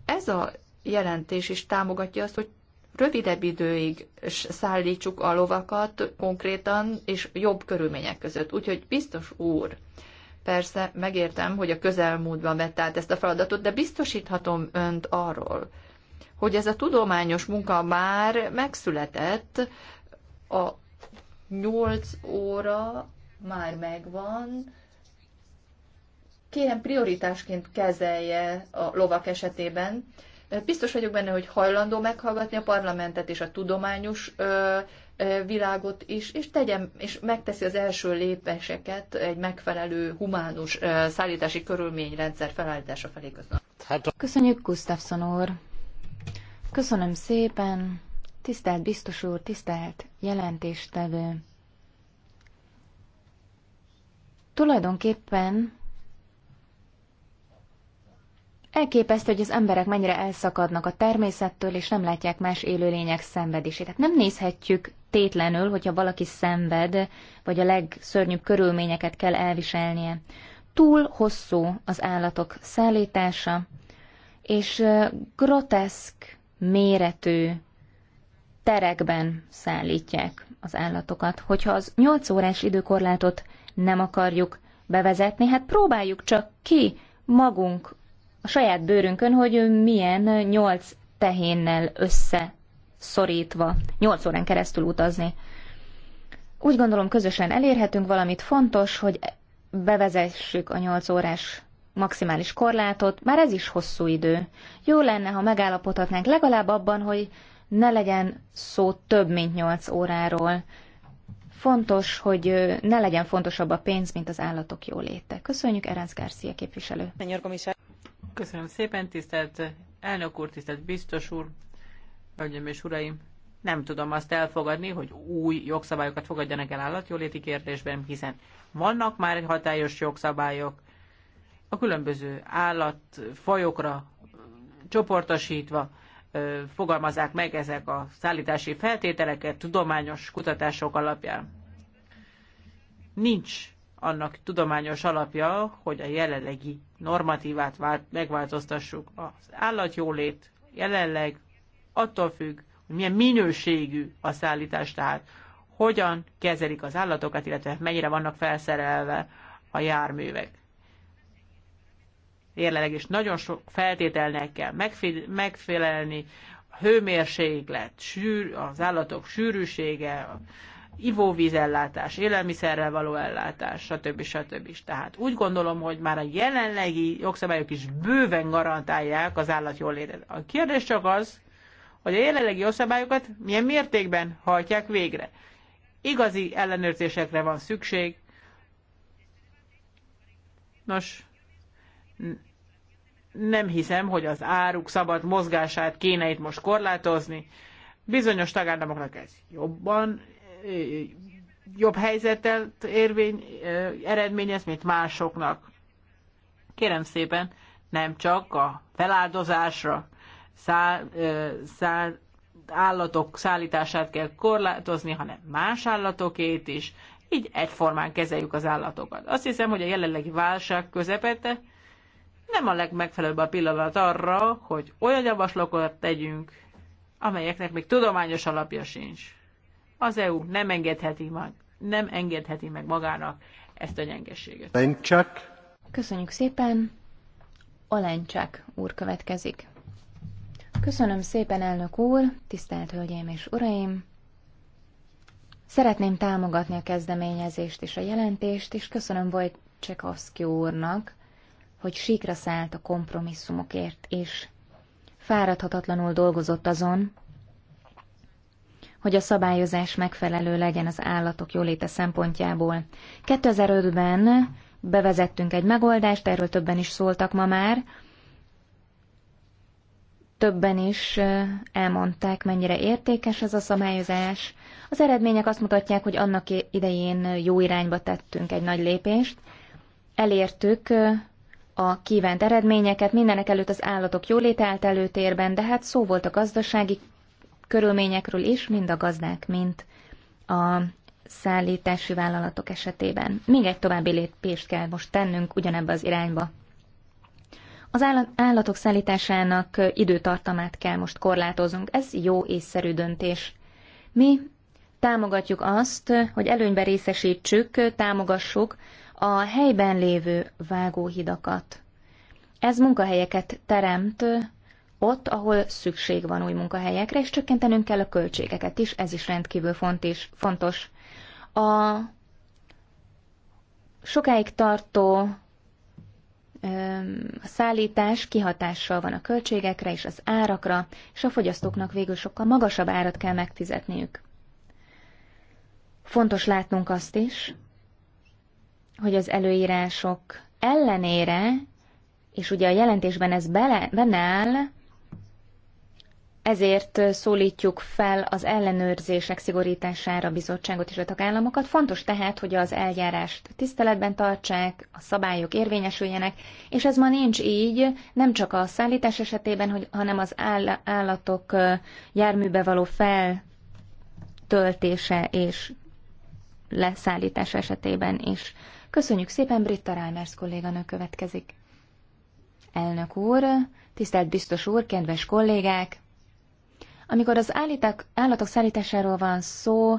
[SPEAKER 2] Ez a jelentés is támogatja azt, hogy rövidebb időig szállítsuk a lovakat konkrétan és jobb körülmények között. Úgyhogy biztos úr, persze megértem, hogy a közelmúltban vett át ezt a feladatot, de biztosíthatom önt arról, hogy ez a tudományos munka már megszületett, a nyolc óra már megvan, kérem prioritásként kezelje a lovak esetében, Biztos vagyok benne, hogy hajlandó meghallgatni a parlamentet és a tudományos világot is, és tegyen, és megteszi az első lépéseket egy megfelelő humánus szállítási körülményrendszer felállítása felé köszönöm. Hát-
[SPEAKER 1] Köszönjük, Gustafsson úr! Köszönöm szépen! Tisztelt biztos úr, tisztelt jelentéstevő! Tulajdonképpen Elképesztő, hogy az emberek mennyire elszakadnak a természettől, és nem látják más élőlények szenvedését. Tehát nem nézhetjük tétlenül, hogyha valaki szenved, vagy a legszörnyűbb körülményeket kell elviselnie. Túl hosszú az állatok szállítása, és groteszk méretű terekben szállítják az állatokat. Hogyha az 8 órás időkorlátot nem akarjuk bevezetni, hát próbáljuk csak ki magunk a saját bőrünkön, hogy milyen nyolc tehénnel össze szorítva, 8 órán keresztül utazni. Úgy gondolom, közösen elérhetünk valamit fontos, hogy bevezessük a 8 órás maximális korlátot, már ez is hosszú idő. Jó lenne, ha megállapodhatnánk legalább abban, hogy ne legyen szó több, mint 8 óráról. Fontos, hogy ne legyen fontosabb a pénz, mint az állatok jóléte. Köszönjük, Erenc Garcia képviselő.
[SPEAKER 4] Köszönöm szépen, tisztelt elnök úr, tisztelt biztos úr, hölgyeim és uraim. Nem tudom azt elfogadni, hogy új jogszabályokat fogadjanak el állatjóléti kérdésben, hiszen vannak már hatályos jogszabályok, a különböző állatfajokra csoportosítva fogalmazzák meg ezek a szállítási feltételeket tudományos kutatások alapján. Nincs annak tudományos alapja, hogy a jelenlegi normatívát vált, megváltoztassuk. Az állatjólét jelenleg attól függ, hogy milyen minőségű a szállítás, tehát hogyan kezelik az állatokat, illetve mennyire vannak felszerelve a járművek. Jelenleg is nagyon sok feltételnek kell megfelelni, a hőmérséklet, sűr, az állatok sűrűsége, ivóvízellátás, élelmiszerrel való ellátás, stb. stb. Tehát úgy gondolom, hogy már a jelenlegi jogszabályok is bőven garantálják az állat létet. A kérdés csak az, hogy a jelenlegi jogszabályokat milyen mértékben hajtják végre. Igazi ellenőrzésekre van szükség. Nos, nem hiszem, hogy az áruk szabad mozgását kéne itt most korlátozni. Bizonyos tagállamoknak ez jobban jobb helyzetet érvény, eredményez, mint másoknak. Kérem szépen, nem csak a feláldozásra száll, száll, állatok szállítását kell korlátozni, hanem más állatokét is, így egyformán kezeljük az állatokat. Azt hiszem, hogy a jelenlegi válság közepette nem a legmegfelelőbb a pillanat arra, hogy olyan javaslatokat tegyünk, amelyeknek még tudományos alapja sincs. Az EU nem engedheti meg, nem engedheti meg magának ezt a gyengeséget.
[SPEAKER 1] Lencsak. Köszönjük szépen. Olencsak úr következik. Köszönöm szépen, elnök úr, tisztelt hölgyeim és uraim! Szeretném támogatni a kezdeményezést és a jelentést, és köszönöm Wojciechowski úrnak, hogy síkra szállt a kompromisszumokért, és fáradhatatlanul dolgozott azon, hogy a szabályozás megfelelő legyen az állatok jóléte szempontjából. 2005-ben bevezettünk egy megoldást, erről többen is szóltak ma már, többen is elmondták, mennyire értékes ez a szabályozás. Az eredmények azt mutatják, hogy annak idején jó irányba tettünk egy nagy lépést. Elértük a kívánt eredményeket, mindenek előtt az állatok jóléte állt előtérben, de hát szó volt a gazdasági körülményekről is, mind a gazdák, mint a szállítási vállalatok esetében. Még egy további lépést kell most tennünk ugyanebbe az irányba. Az állatok szállításának időtartamát kell most korlátoznunk. Ez jó észszerű döntés. Mi támogatjuk azt, hogy előnybe részesítsük, támogassuk a helyben lévő vágóhidakat. Ez munkahelyeket teremt, ott, ahol szükség van új munkahelyekre, és csökkentenünk kell a költségeket is, ez is rendkívül fontos. A sokáig tartó a szállítás kihatással van a költségekre és az árakra, és a fogyasztóknak végül sokkal magasabb árat kell megfizetniük. Fontos látnunk azt is, hogy az előírások ellenére, és ugye a jelentésben ez bele, benne áll, ezért szólítjuk fel az ellenőrzések szigorítására a bizottságot és a tagállamokat. Fontos tehát, hogy az eljárást tiszteletben tartsák, a szabályok érvényesüljenek, és ez ma nincs így, nem csak a szállítás esetében, hogy, hanem az áll- állatok járműbe való feltöltése és leszállítás esetében is. Köszönjük szépen, Britta Reimers kolléganő következik. Elnök úr, tisztelt biztos úr, kedves kollégák! Amikor az állíták, állatok szállításáról van szó,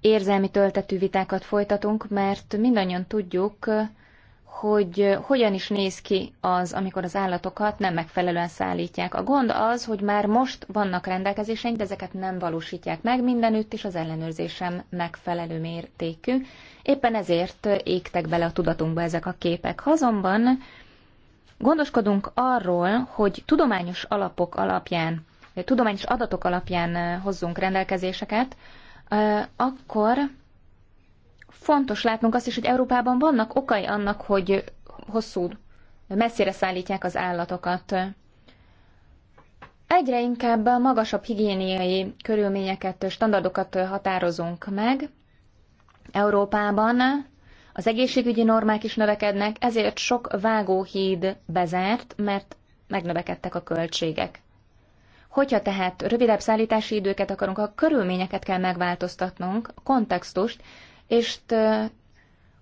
[SPEAKER 1] érzelmi töltetű vitákat folytatunk, mert mindannyian tudjuk, hogy hogyan is néz ki az, amikor az állatokat nem megfelelően szállítják. A gond az, hogy már most vannak rendelkezéseink, de ezeket nem valósítják meg mindenütt, és az ellenőrzésem megfelelő mértékű. Éppen ezért égtek bele a tudatunkba ezek a képek. Azonban gondoskodunk arról, hogy tudományos alapok alapján tudományos adatok alapján hozzunk rendelkezéseket, akkor fontos látnunk azt is, hogy Európában vannak okai annak, hogy hosszú, messzire szállítják az állatokat. Egyre inkább magasabb higiéniai körülményeket, standardokat határozunk meg. Európában az egészségügyi normák is növekednek, ezért sok vágóhíd bezárt, mert megnövekedtek a költségek. Hogyha tehát rövidebb szállítási időket akarunk, a körülményeket kell megváltoztatnunk, a kontextust, és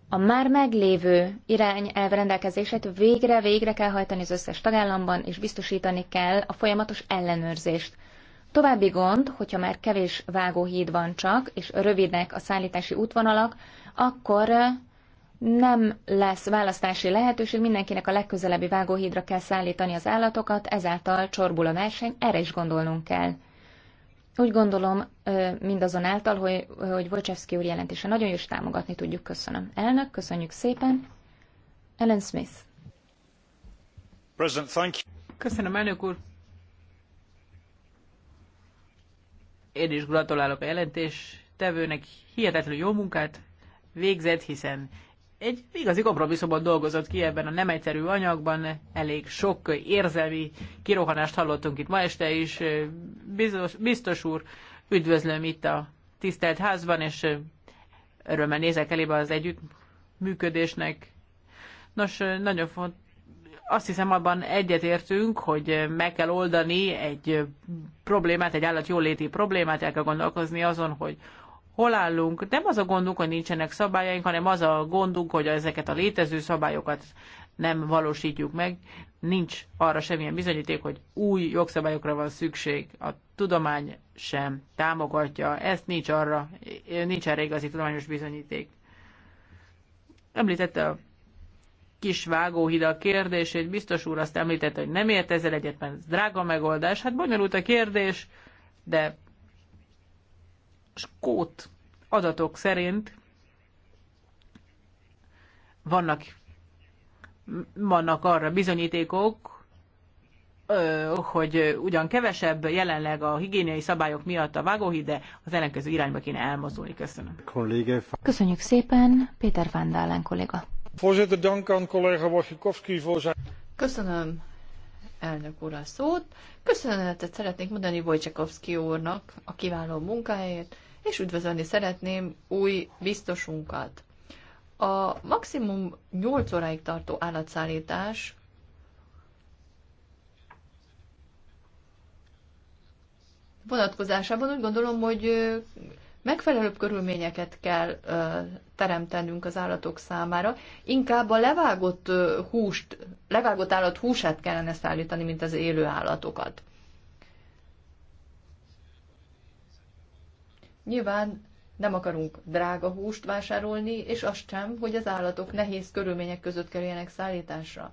[SPEAKER 1] a már meglévő irány elrendelkezését végre-végre kell hajtani az összes tagállamban, és biztosítani kell a folyamatos ellenőrzést. További gond, hogyha már kevés vágóhíd van csak, és rövidnek a szállítási útvonalak, akkor nem lesz választási lehetőség, mindenkinek a legközelebbi vágóhídra kell szállítani az állatokat, ezáltal csorbul a verseny, erre is gondolnunk kell. Úgy gondolom, mindazonáltal, hogy, hogy Wojciechowski úr jelentése nagyon jó, és támogatni tudjuk. Köszönöm. Elnök, köszönjük szépen. Ellen Smith.
[SPEAKER 4] President, thank you. Köszönöm, elnök úr. Én is gratulálok a jelentés tevőnek hihetetlenül jó munkát végzett, hiszen egy igazi kompromisszumot dolgozott ki ebben a nem egyszerű anyagban, elég sok érzelmi kirohanást hallottunk itt ma este is. Biztos, biztos úr, üdvözlöm itt a tisztelt házban, és örömmel nézek elébe az együttműködésnek. Nos, nagyon font, azt hiszem abban egyetértünk, hogy meg kell oldani egy problémát, egy állat jóléti problémát, el kell gondolkozni azon, hogy hol állunk. Nem az a gondunk, hogy nincsenek szabályaink, hanem az a gondunk, hogy ezeket a létező szabályokat nem valósítjuk meg. Nincs arra semmilyen bizonyíték, hogy új jogszabályokra van szükség. A tudomány sem támogatja. Ezt nincs arra, nincs erre igazi tudományos bizonyíték. Említette a kis vágóhida kérdését, biztos úr azt említette, hogy nem ért ezzel egyet, mert drága megoldás. Hát bonyolult a kérdés, de skót adatok szerint vannak, vannak arra bizonyítékok, hogy ugyan kevesebb jelenleg a higiéniai szabályok miatt a vágóhíd, de az ellenkező irányba kéne elmozdulni.
[SPEAKER 2] Köszönöm.
[SPEAKER 1] Köszönjük szépen, Péter Vándálán kolléga.
[SPEAKER 2] Köszönöm, elnök úr a szót. Köszönetet szeretnék mondani Wojciechowski úrnak a kiváló munkáért, és üdvözölni szeretném új biztosunkat. A maximum 8 óráig tartó állatszállítás vonatkozásában úgy gondolom, hogy megfelelőbb körülményeket kell teremtenünk az állatok számára. Inkább a levágott húst, levágott állat húsát kellene szállítani, mint az élő állatokat. Nyilván nem akarunk drága húst vásárolni, és azt sem, hogy az állatok nehéz körülmények között kerüljenek szállításra.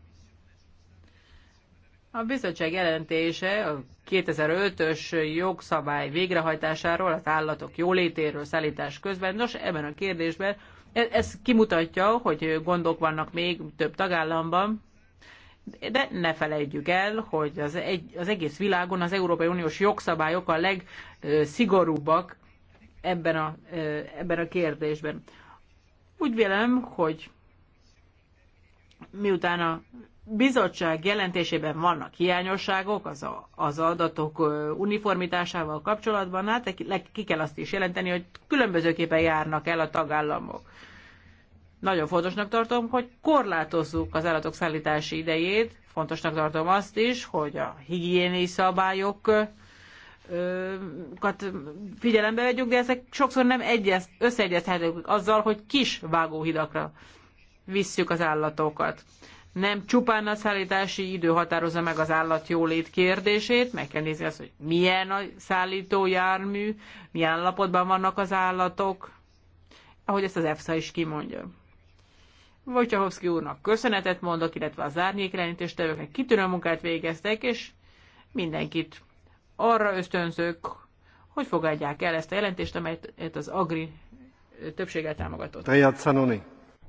[SPEAKER 4] A bizottság jelentése a 2005-ös jogszabály végrehajtásáról, az állatok jólétéről szállítás közben, nos, ebben a kérdésben e- ez kimutatja, hogy gondok vannak még több tagállamban, de ne felejtjük el, hogy az, egy, az egész világon az Európai Uniós jogszabályok a legszigorúbbak ebben a, e- ebben a kérdésben. Úgy vélem, hogy miután a bizottság jelentésében vannak hiányosságok az, a, az adatok uniformitásával kapcsolatban, hát ki kell azt is jelenteni, hogy különbözőképpen járnak el a tagállamok. Nagyon fontosnak tartom, hogy korlátozzuk az állatok szállítási idejét, fontosnak tartom azt is, hogy a higiéni szabályok figyelembe vegyük, de ezek sokszor nem egyez, összeegyezhetők azzal, hogy kis vágóhidakra visszük az állatokat. Nem csupán a szállítási idő határozza meg az állat jólét kérdését, meg kell nézni azt, hogy milyen a szállító jármű, milyen állapotban vannak az állatok, ahogy ezt az EFSA is kimondja. Vojtyahovszki úrnak köszönetet mondok, illetve az tevőknek kitűnő munkát végeztek, és mindenkit arra ösztönzök, hogy fogadják el ezt a jelentést, amelyet az Agri többséggel támogatott.
[SPEAKER 1] Tajat Szanoni.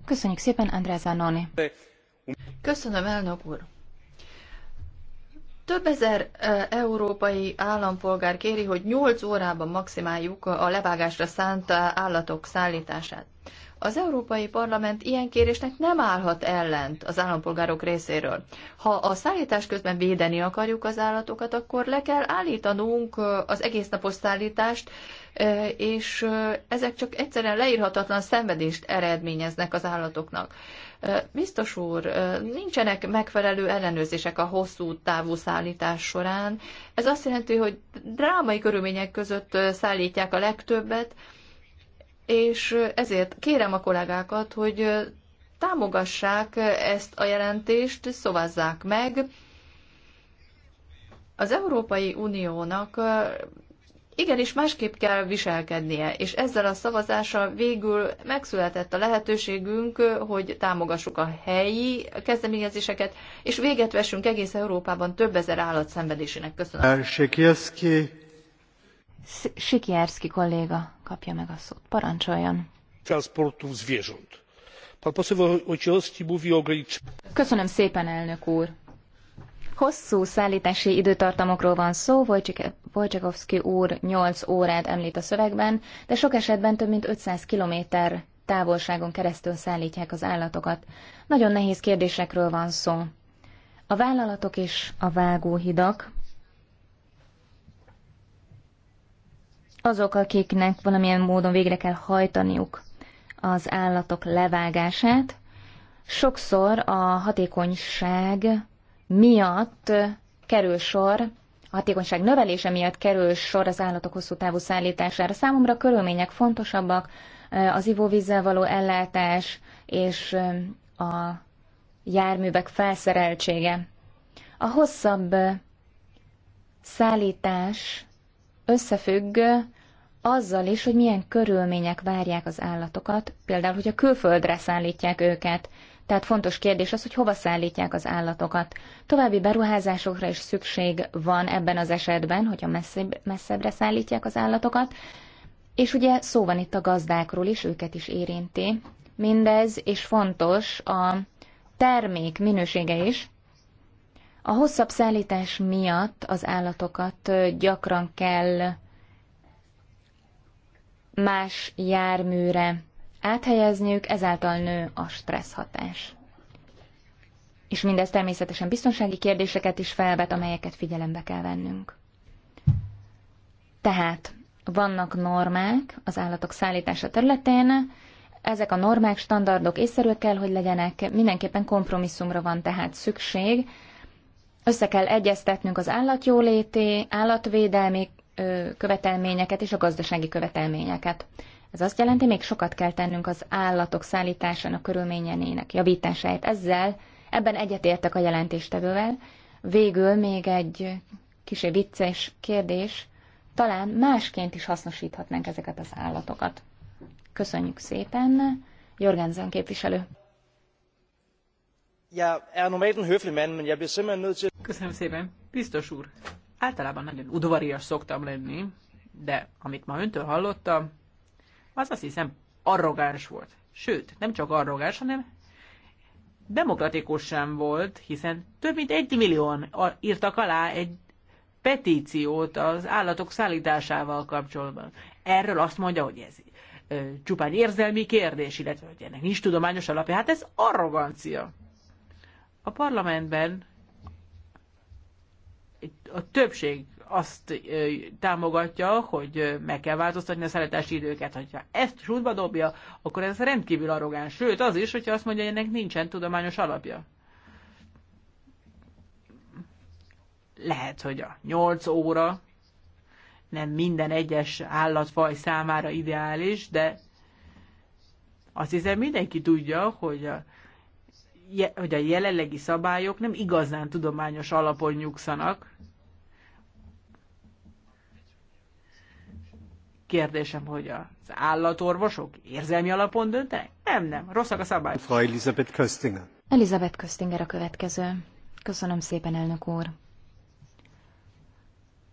[SPEAKER 2] Köszönjük szépen, András Zanoni. Köszönöm, elnök úr. Több ezer e, európai állampolgár kéri, hogy 8 órában maximáljuk a levágásra szánt állatok szállítását. Az Európai Parlament ilyen kérésnek nem állhat ellent az állampolgárok részéről. Ha a szállítás közben védeni akarjuk az állatokat, akkor le kell állítanunk az egésznapos szállítást, és ezek csak egyszerűen leírhatatlan szenvedést eredményeznek az állatoknak. Biztos úr, nincsenek megfelelő ellenőrzések a hosszú távú szállítás során. Ez azt jelenti, hogy drámai körülmények között szállítják a legtöbbet, és ezért kérem a kollégákat, hogy támogassák ezt a jelentést, szavazzák meg. Az Európai Uniónak igenis másképp kell viselkednie, és ezzel a szavazással végül megszületett a lehetőségünk, hogy támogassuk a helyi kezdeményezéseket, és véget vessünk egész Európában több ezer állat szenvedésének. Köszönöm.
[SPEAKER 3] Sikierski.
[SPEAKER 1] Sikierski kolléga kapja meg a szót. Parancsoljon.
[SPEAKER 3] Transportu zwierząt. Pan poseł Wojciechowski mówi o
[SPEAKER 1] Köszönöm szépen, elnök úr Hosszú szállítási időtartamokról van szó, Wojciechowski úr 8 órát említ a szövegben, de sok esetben több mint 500 kilométer távolságon keresztül szállítják az állatokat. Nagyon nehéz kérdésekről van szó. A vállalatok és a vágóhidak, azok, akiknek valamilyen módon végre kell hajtaniuk az állatok levágását, sokszor a hatékonyság miatt kerül sor, a hatékonyság növelése miatt kerül sor az állatok hosszú távú szállítására. Számomra a körülmények fontosabbak, az ivóvízzel való ellátás és a járművek felszereltsége. A hosszabb szállítás összefügg azzal is, hogy milyen körülmények várják az állatokat, például, hogy a külföldre szállítják őket. Tehát fontos kérdés az, hogy hova szállítják az állatokat. További beruházásokra is szükség van ebben az esetben, hogyha messzebb, messzebbre szállítják az állatokat. És ugye szó van itt a gazdákról is, őket is érinti. Mindez, és fontos a termék minősége is. A hosszabb szállítás miatt az állatokat gyakran kell más járműre áthelyezniük, ezáltal nő a stressz hatás. És mindez természetesen biztonsági kérdéseket is felvet, amelyeket figyelembe kell vennünk. Tehát vannak normák az állatok szállítása területén, ezek a normák, standardok észszerűek kell, hogy legyenek, mindenképpen kompromisszumra van tehát szükség. Össze kell egyeztetnünk az állatjóléti, állatvédelmi követelményeket és a gazdasági követelményeket. Ez azt jelenti, még sokat kell tennünk az állatok szállításának körülményenének javításáért. Ezzel ebben egyetértek a jelentéstevővel. Végül még egy kis vicces kérdés. Talán másként is hasznosíthatnánk ezeket az állatokat. Köszönjük szépen, Jorgensen képviselő. Er
[SPEAKER 4] Köszönöm szépen. Biztos úr, általában nagyon udvarias szoktam lenni, de amit ma öntől hallottam, az azt hiszem arrogáns volt. Sőt, nem csak arrogáns, hanem demokratikus sem volt, hiszen több mint egy millióan írtak alá egy petíciót az állatok szállításával kapcsolatban. Erről azt mondja, hogy ez ö, csupán érzelmi kérdés, illetve hogy ennek nincs tudományos alapja. Hát ez arrogancia. A parlamentben a többség azt támogatja, hogy meg kell változtatni a szeretési időket. Ha ezt sútba dobja, akkor ez rendkívül arrogáns. Sőt, az is, hogyha azt mondja, hogy ennek nincsen tudományos alapja. Lehet, hogy a 8 óra nem minden egyes állatfaj számára ideális, de azt hiszem mindenki tudja, hogy a, hogy a jelenlegi szabályok nem igazán tudományos alapon nyugszanak, Kérdésem, hogy az állatorvosok érzelmi alapon döntenek? Nem, nem, rosszak a
[SPEAKER 3] szabály. Frau Elisabeth Köstinger.
[SPEAKER 1] Elisabeth Köstinger a következő. Köszönöm szépen, elnök úr.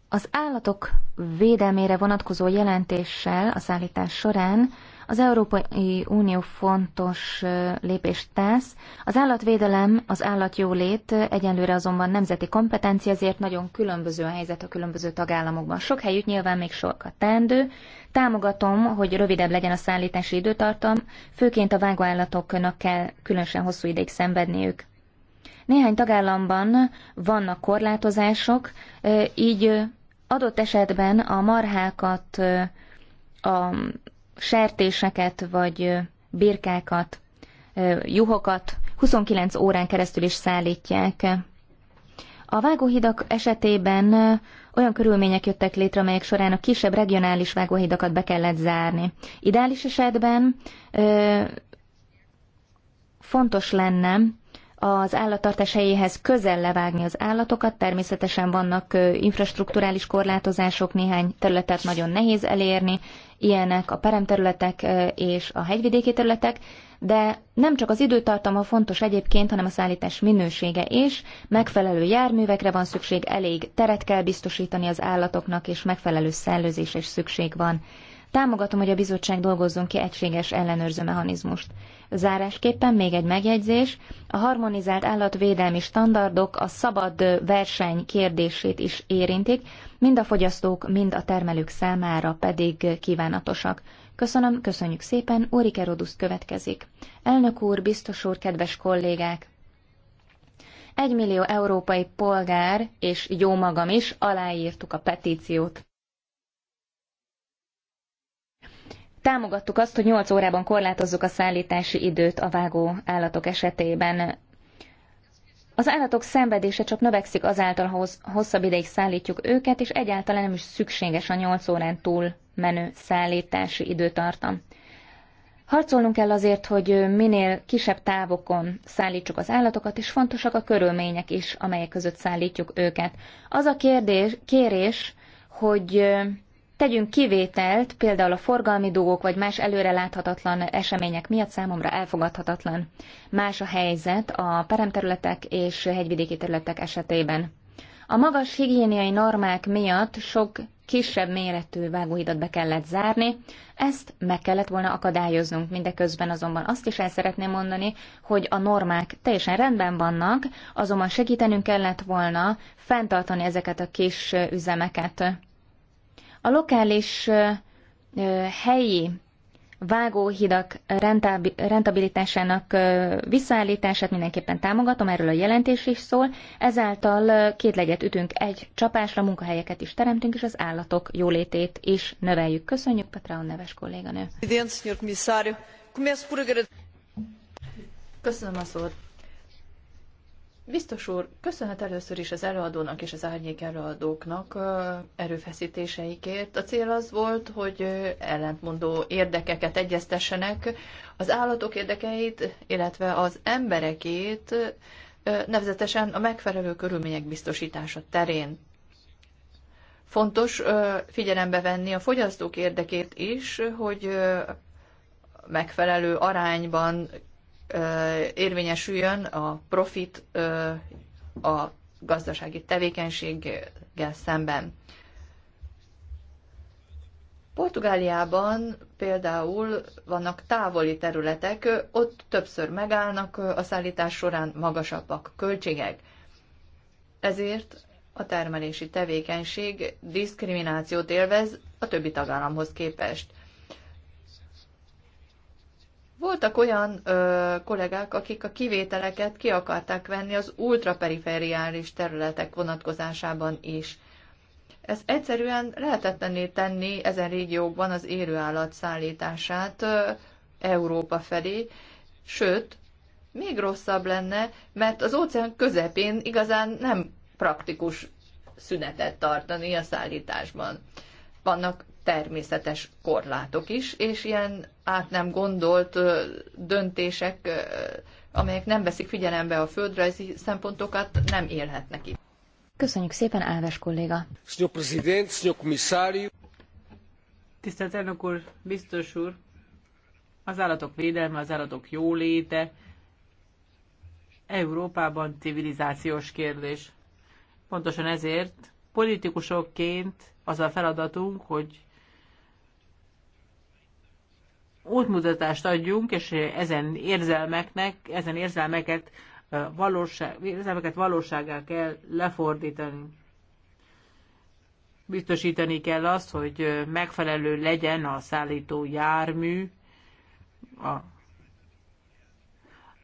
[SPEAKER 1] Az állatok védelmére vonatkozó jelentéssel a szállítás során az Európai Unió fontos lépést tesz. Az állatvédelem, az állatjólét egyenlőre azonban nemzeti kompetencia, ezért nagyon különböző a helyzet a különböző tagállamokban. Sok helyütt nyilván még a teendő. Támogatom, hogy rövidebb legyen a szállítási időtartam, főként a vágóállatoknak kell különösen hosszú ideig szenvedniük. Néhány tagállamban vannak korlátozások, így adott esetben a marhákat a sertéseket, vagy birkákat, juhokat 29 órán keresztül is szállítják. A vágóhidak esetében olyan körülmények jöttek létre, amelyek során a kisebb regionális vágóhidakat be kellett zárni. Ideális esetben ö, fontos lenne az állattartás helyéhez közel levágni az állatokat. Természetesen vannak infrastruktúrális korlátozások, néhány területet nagyon nehéz elérni, ilyenek a peremterületek és a hegyvidéki területek, de nem csak az időtartama fontos egyébként, hanem a szállítás minősége is. Megfelelő járművekre van szükség, elég teret kell biztosítani az állatoknak, és megfelelő szellőzés is szükség van. Támogatom, hogy a bizottság dolgozzon ki egységes ellenőrző mechanizmust. Zárásképpen még egy megjegyzés. A harmonizált állatvédelmi standardok a szabad verseny kérdését is érintik, mind a fogyasztók, mind a termelők számára pedig kívánatosak. Köszönöm, köszönjük szépen, Úri Kerodusz következik. Elnök úr, biztos úr, kedves kollégák! Egy millió európai polgár, és jó magam is, aláírtuk a petíciót. Támogattuk azt, hogy 8 órában korlátozzuk a szállítási időt a vágó állatok esetében. Az állatok szenvedése csak növekszik azáltal, ha hosszabb ideig szállítjuk őket, és egyáltalán nem is szükséges a 8 órán túl menő szállítási időtartam. Harcolnunk kell azért, hogy minél kisebb távokon szállítsuk az állatokat, és fontosak a körülmények is, amelyek között szállítjuk őket. Az a kérdés, kérés, hogy Tegyünk kivételt például a forgalmi dolgok vagy más előreláthatatlan események miatt számomra elfogadhatatlan. Más a helyzet a peremterületek és hegyvidéki területek esetében. A magas higiéniai normák miatt sok kisebb méretű vágóhidat be kellett zárni, ezt meg kellett volna akadályoznunk. Mindeközben azonban azt is el szeretném mondani, hogy a normák teljesen rendben vannak, azonban segítenünk kellett volna fenntartani ezeket a kis üzemeket. A lokális helyi vágóhidak rentabilitásának visszaállítását mindenképpen támogatom, erről a jelentés is szól. Ezáltal két legyet ütünk egy csapásra, munkahelyeket is teremtünk, és az állatok jólétét is növeljük. Köszönjük, a neves kolléganő.
[SPEAKER 2] Köszönöm a szót. Biztos úr, köszönhet először is az előadónak és az árnyék előadóknak erőfeszítéseikért. A cél az volt, hogy ellentmondó érdekeket egyeztessenek, az állatok érdekeit, illetve az emberekét, nevezetesen a megfelelő körülmények biztosítása terén. Fontos figyelembe venni a fogyasztók érdekét is, hogy megfelelő arányban érvényesüljön a profit a gazdasági tevékenységgel szemben. Portugáliában például vannak távoli területek, ott többször megállnak a szállítás során magasabbak költségek. Ezért a termelési tevékenység diszkriminációt élvez a többi tagállamhoz képest. Voltak olyan ö, kollégák, akik a kivételeket ki akarták venni az ultraperiferiális területek vonatkozásában is. Ez egyszerűen lehetetlenné tenni ezen régiókban az élőállat szállítását ö, Európa felé, sőt, még rosszabb lenne, mert az óceán közepén igazán nem praktikus szünetet tartani a szállításban. Vannak természetes korlátok is, és ilyen át nem gondolt döntések, amelyek nem veszik figyelembe a földrajzi szempontokat, nem élhetnek itt.
[SPEAKER 1] Köszönjük szépen, Áves kolléga!
[SPEAKER 3] Senyor
[SPEAKER 4] Tisztelt elnök úr, biztos úr! Az állatok védelme, az állatok jóléte Európában civilizációs kérdés. Pontosan ezért politikusokként az a feladatunk, hogy útmutatást adjunk, és ezen érzelmeknek, ezen érzelmeket, valóság, érzelmeket valóságá kell lefordítani. Biztosítani kell azt, hogy megfelelő legyen a szállító jármű, a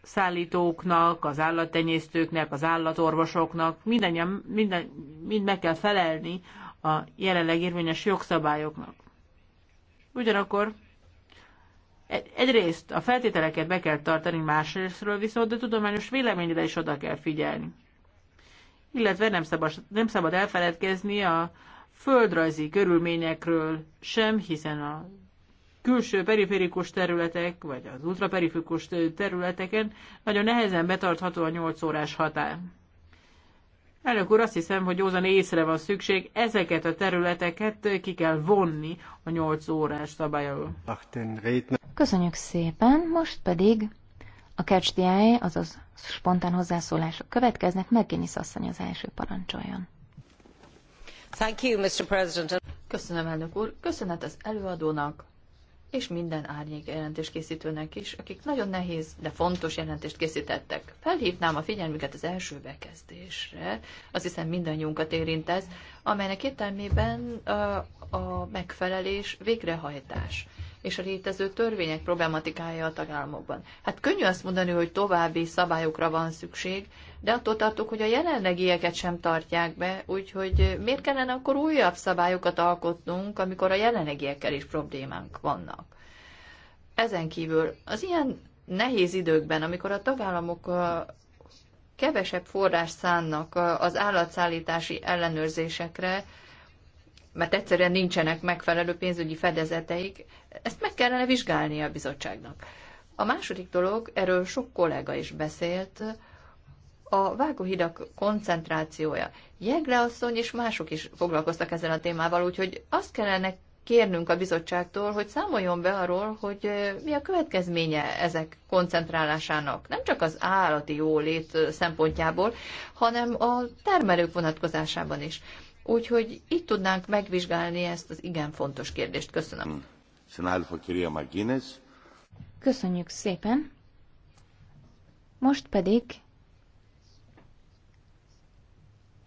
[SPEAKER 4] szállítóknak, az állattenyésztőknek, az állatorvosoknak, Minden, minden, mind meg kell felelni a jelenleg érvényes jogszabályoknak. Ugyanakkor egyrészt a feltételeket be kell tartani, másrésztről viszont a tudományos véleményre is oda kell figyelni. Illetve nem szabad, nem szabad elfeledkezni a földrajzi körülményekről sem, hiszen a külső periférikus területek, vagy az ultraperiférikus területeken nagyon nehezen betartható a 8 órás határ. Elnök úr, azt hiszem, hogy józan észre van szükség, ezeket a területeket ki kell vonni a 8 órás szabály alól.
[SPEAKER 1] Köszönjük szépen, most pedig a Catch the Eye, azaz spontán hozzászólások következnek, Megginis asszony az első parancsoljon.
[SPEAKER 2] Thank you, Mr. President. Köszönöm, elnök úr. Köszönet az előadónak, és minden árnyék jelentéskészítőnek is, akik nagyon nehéz, de fontos jelentést készítettek. Felhívnám a figyelmüket az első bekezdésre, azt hiszem mindannyiunkat érint ez, amelynek értelmében a, a megfelelés végrehajtás és a létező törvények problematikája a tagállamokban. Hát könnyű azt mondani, hogy további szabályokra van szükség, de attól tartok, hogy a jelenlegieket sem tartják be, úgyhogy miért kellene akkor újabb szabályokat alkotnunk, amikor a jelenlegiekkel is problémánk vannak. Ezen kívül az ilyen nehéz időkben, amikor a tagállamok uh, kevesebb forrás szánnak uh, az állatszállítási ellenőrzésekre, mert egyszerűen nincsenek megfelelő pénzügyi fedezeteik, ezt meg kellene vizsgálni a bizottságnak. A második dolog, erről sok kollega is beszélt, a vágóhidak koncentrációja. Jegle asszony és mások is foglalkoztak ezzel a témával, úgyhogy azt kellene kérnünk a bizottságtól, hogy számoljon be arról, hogy mi a következménye ezek koncentrálásának. Nem csak az állati jólét szempontjából, hanem a termelők vonatkozásában is. Úgyhogy itt tudnánk megvizsgálni ezt az igen fontos kérdést. Köszönöm. Köszönjük szépen.
[SPEAKER 1] Most pedig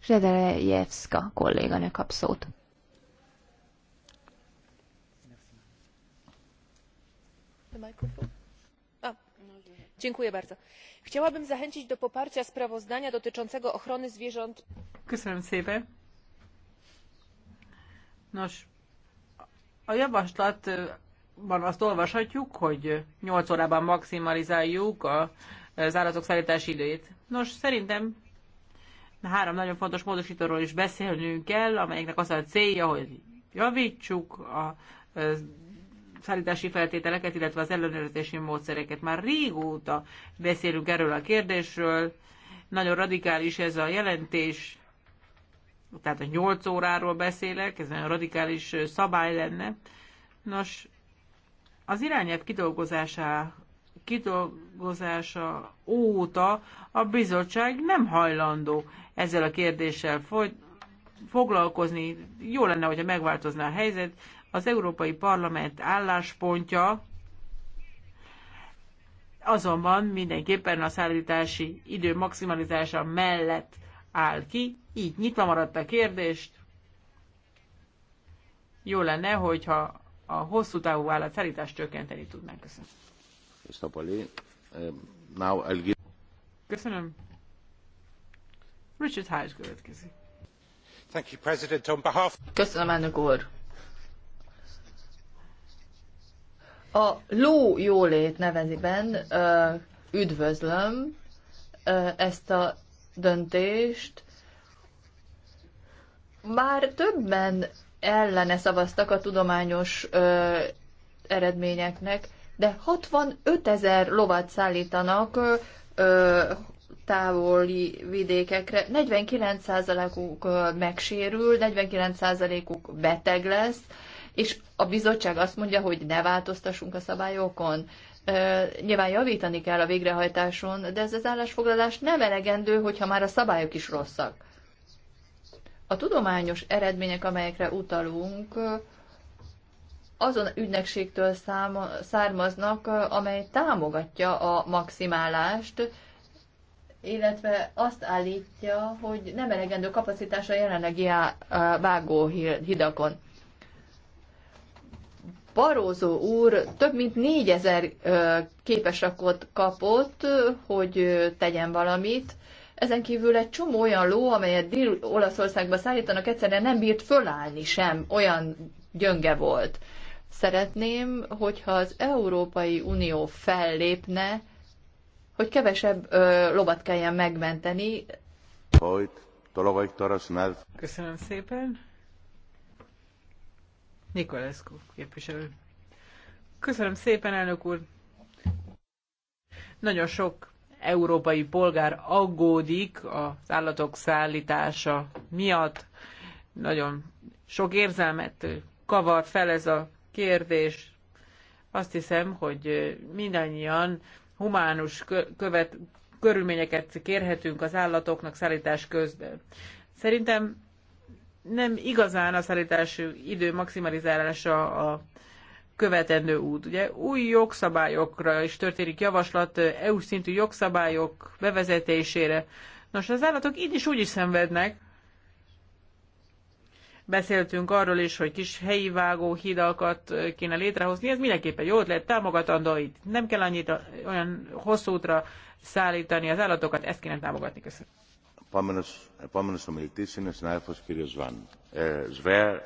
[SPEAKER 1] Zsederejevszka kolléganő kap szót.
[SPEAKER 4] Köszönöm szépen. Nos, a javaslatban azt olvashatjuk, hogy 8 órában maximalizáljuk a, az állatok szállítási időjét. Nos, szerintem három nagyon fontos módosítóról is beszélnünk kell, amelyeknek az a célja, hogy javítsuk a szállítási feltételeket, illetve az ellenőrzési módszereket. Már régóta beszélünk erről a kérdésről, nagyon radikális ez a jelentés, tehát a 8 óráról beszélek, ez nagyon radikális szabály lenne. Nos, az irányelv kidolgozása, kidolgozása óta a bizottság nem hajlandó ezzel a kérdéssel foly, foglalkozni. Jó lenne, hogyha megváltozna a helyzet. Az Európai Parlament álláspontja azonban mindenképpen a szállítási idő maximalizása mellett áll ki, így nyitva maradt a kérdést. Jó lenne, hogyha a hosszú távú állatszállítást csökkenteni tudnánk.
[SPEAKER 3] Köszönöm. Um,
[SPEAKER 4] Köszönöm. Richard
[SPEAKER 2] Hayes következik. Köszönöm, elnök úr. A ló jólét neveziben üdvözlöm ezt a döntést, már többen ellene szavaztak a tudományos ö, eredményeknek, de 65 ezer lovat szállítanak ö, távoli vidékekre. 49%-uk megsérül, 49%-uk beteg lesz, és a bizottság azt mondja, hogy ne változtassunk a szabályokon. Nyilván javítani kell a végrehajtáson, de ez az állásfoglalás nem elegendő, hogyha már a szabályok is rosszak. A tudományos eredmények, amelyekre utalunk, azon ügynökségtől származnak, amely támogatja a maximálást, illetve azt állítja, hogy nem elegendő kapacitása a vágó hidakon. Barózó úr több mint négyezer képesakot kapott, hogy tegyen valamit. Ezen kívül egy csomó olyan ló, amelyet Dél-Olaszországba szállítanak, egyszerűen nem bírt fölállni sem, olyan gyönge volt. Szeretném, hogyha az Európai Unió fellépne, hogy kevesebb ö, lobat kelljen megmenteni.
[SPEAKER 4] Köszönöm szépen. Nikolescu képviselő. Köszönöm szépen, elnök úr. Nagyon sok európai polgár aggódik az állatok szállítása miatt. Nagyon sok érzelmet kavar fel ez a kérdés. Azt hiszem, hogy mindannyian humánus követ, körülményeket kérhetünk az állatoknak szállítás közben. Szerintem nem igazán a szállítási idő maximalizálása a követendő út. Ugye új jogszabályokra is történik javaslat, EU szintű jogszabályok bevezetésére. Nos, az állatok így is úgy is szenvednek. Beszéltünk arról is, hogy kis helyi vágó hidakat kéne létrehozni. Ez mindenképpen jó ötlet, támogatandó itt. Nem kell annyit olyan hosszú útra szállítani az állatokat, ezt kéne támogatni. Köszönöm.
[SPEAKER 3] Επόμενος, επόμενος ομιλητής είναι συνάδελφος κ. Σβάν. Ε, Σβέρ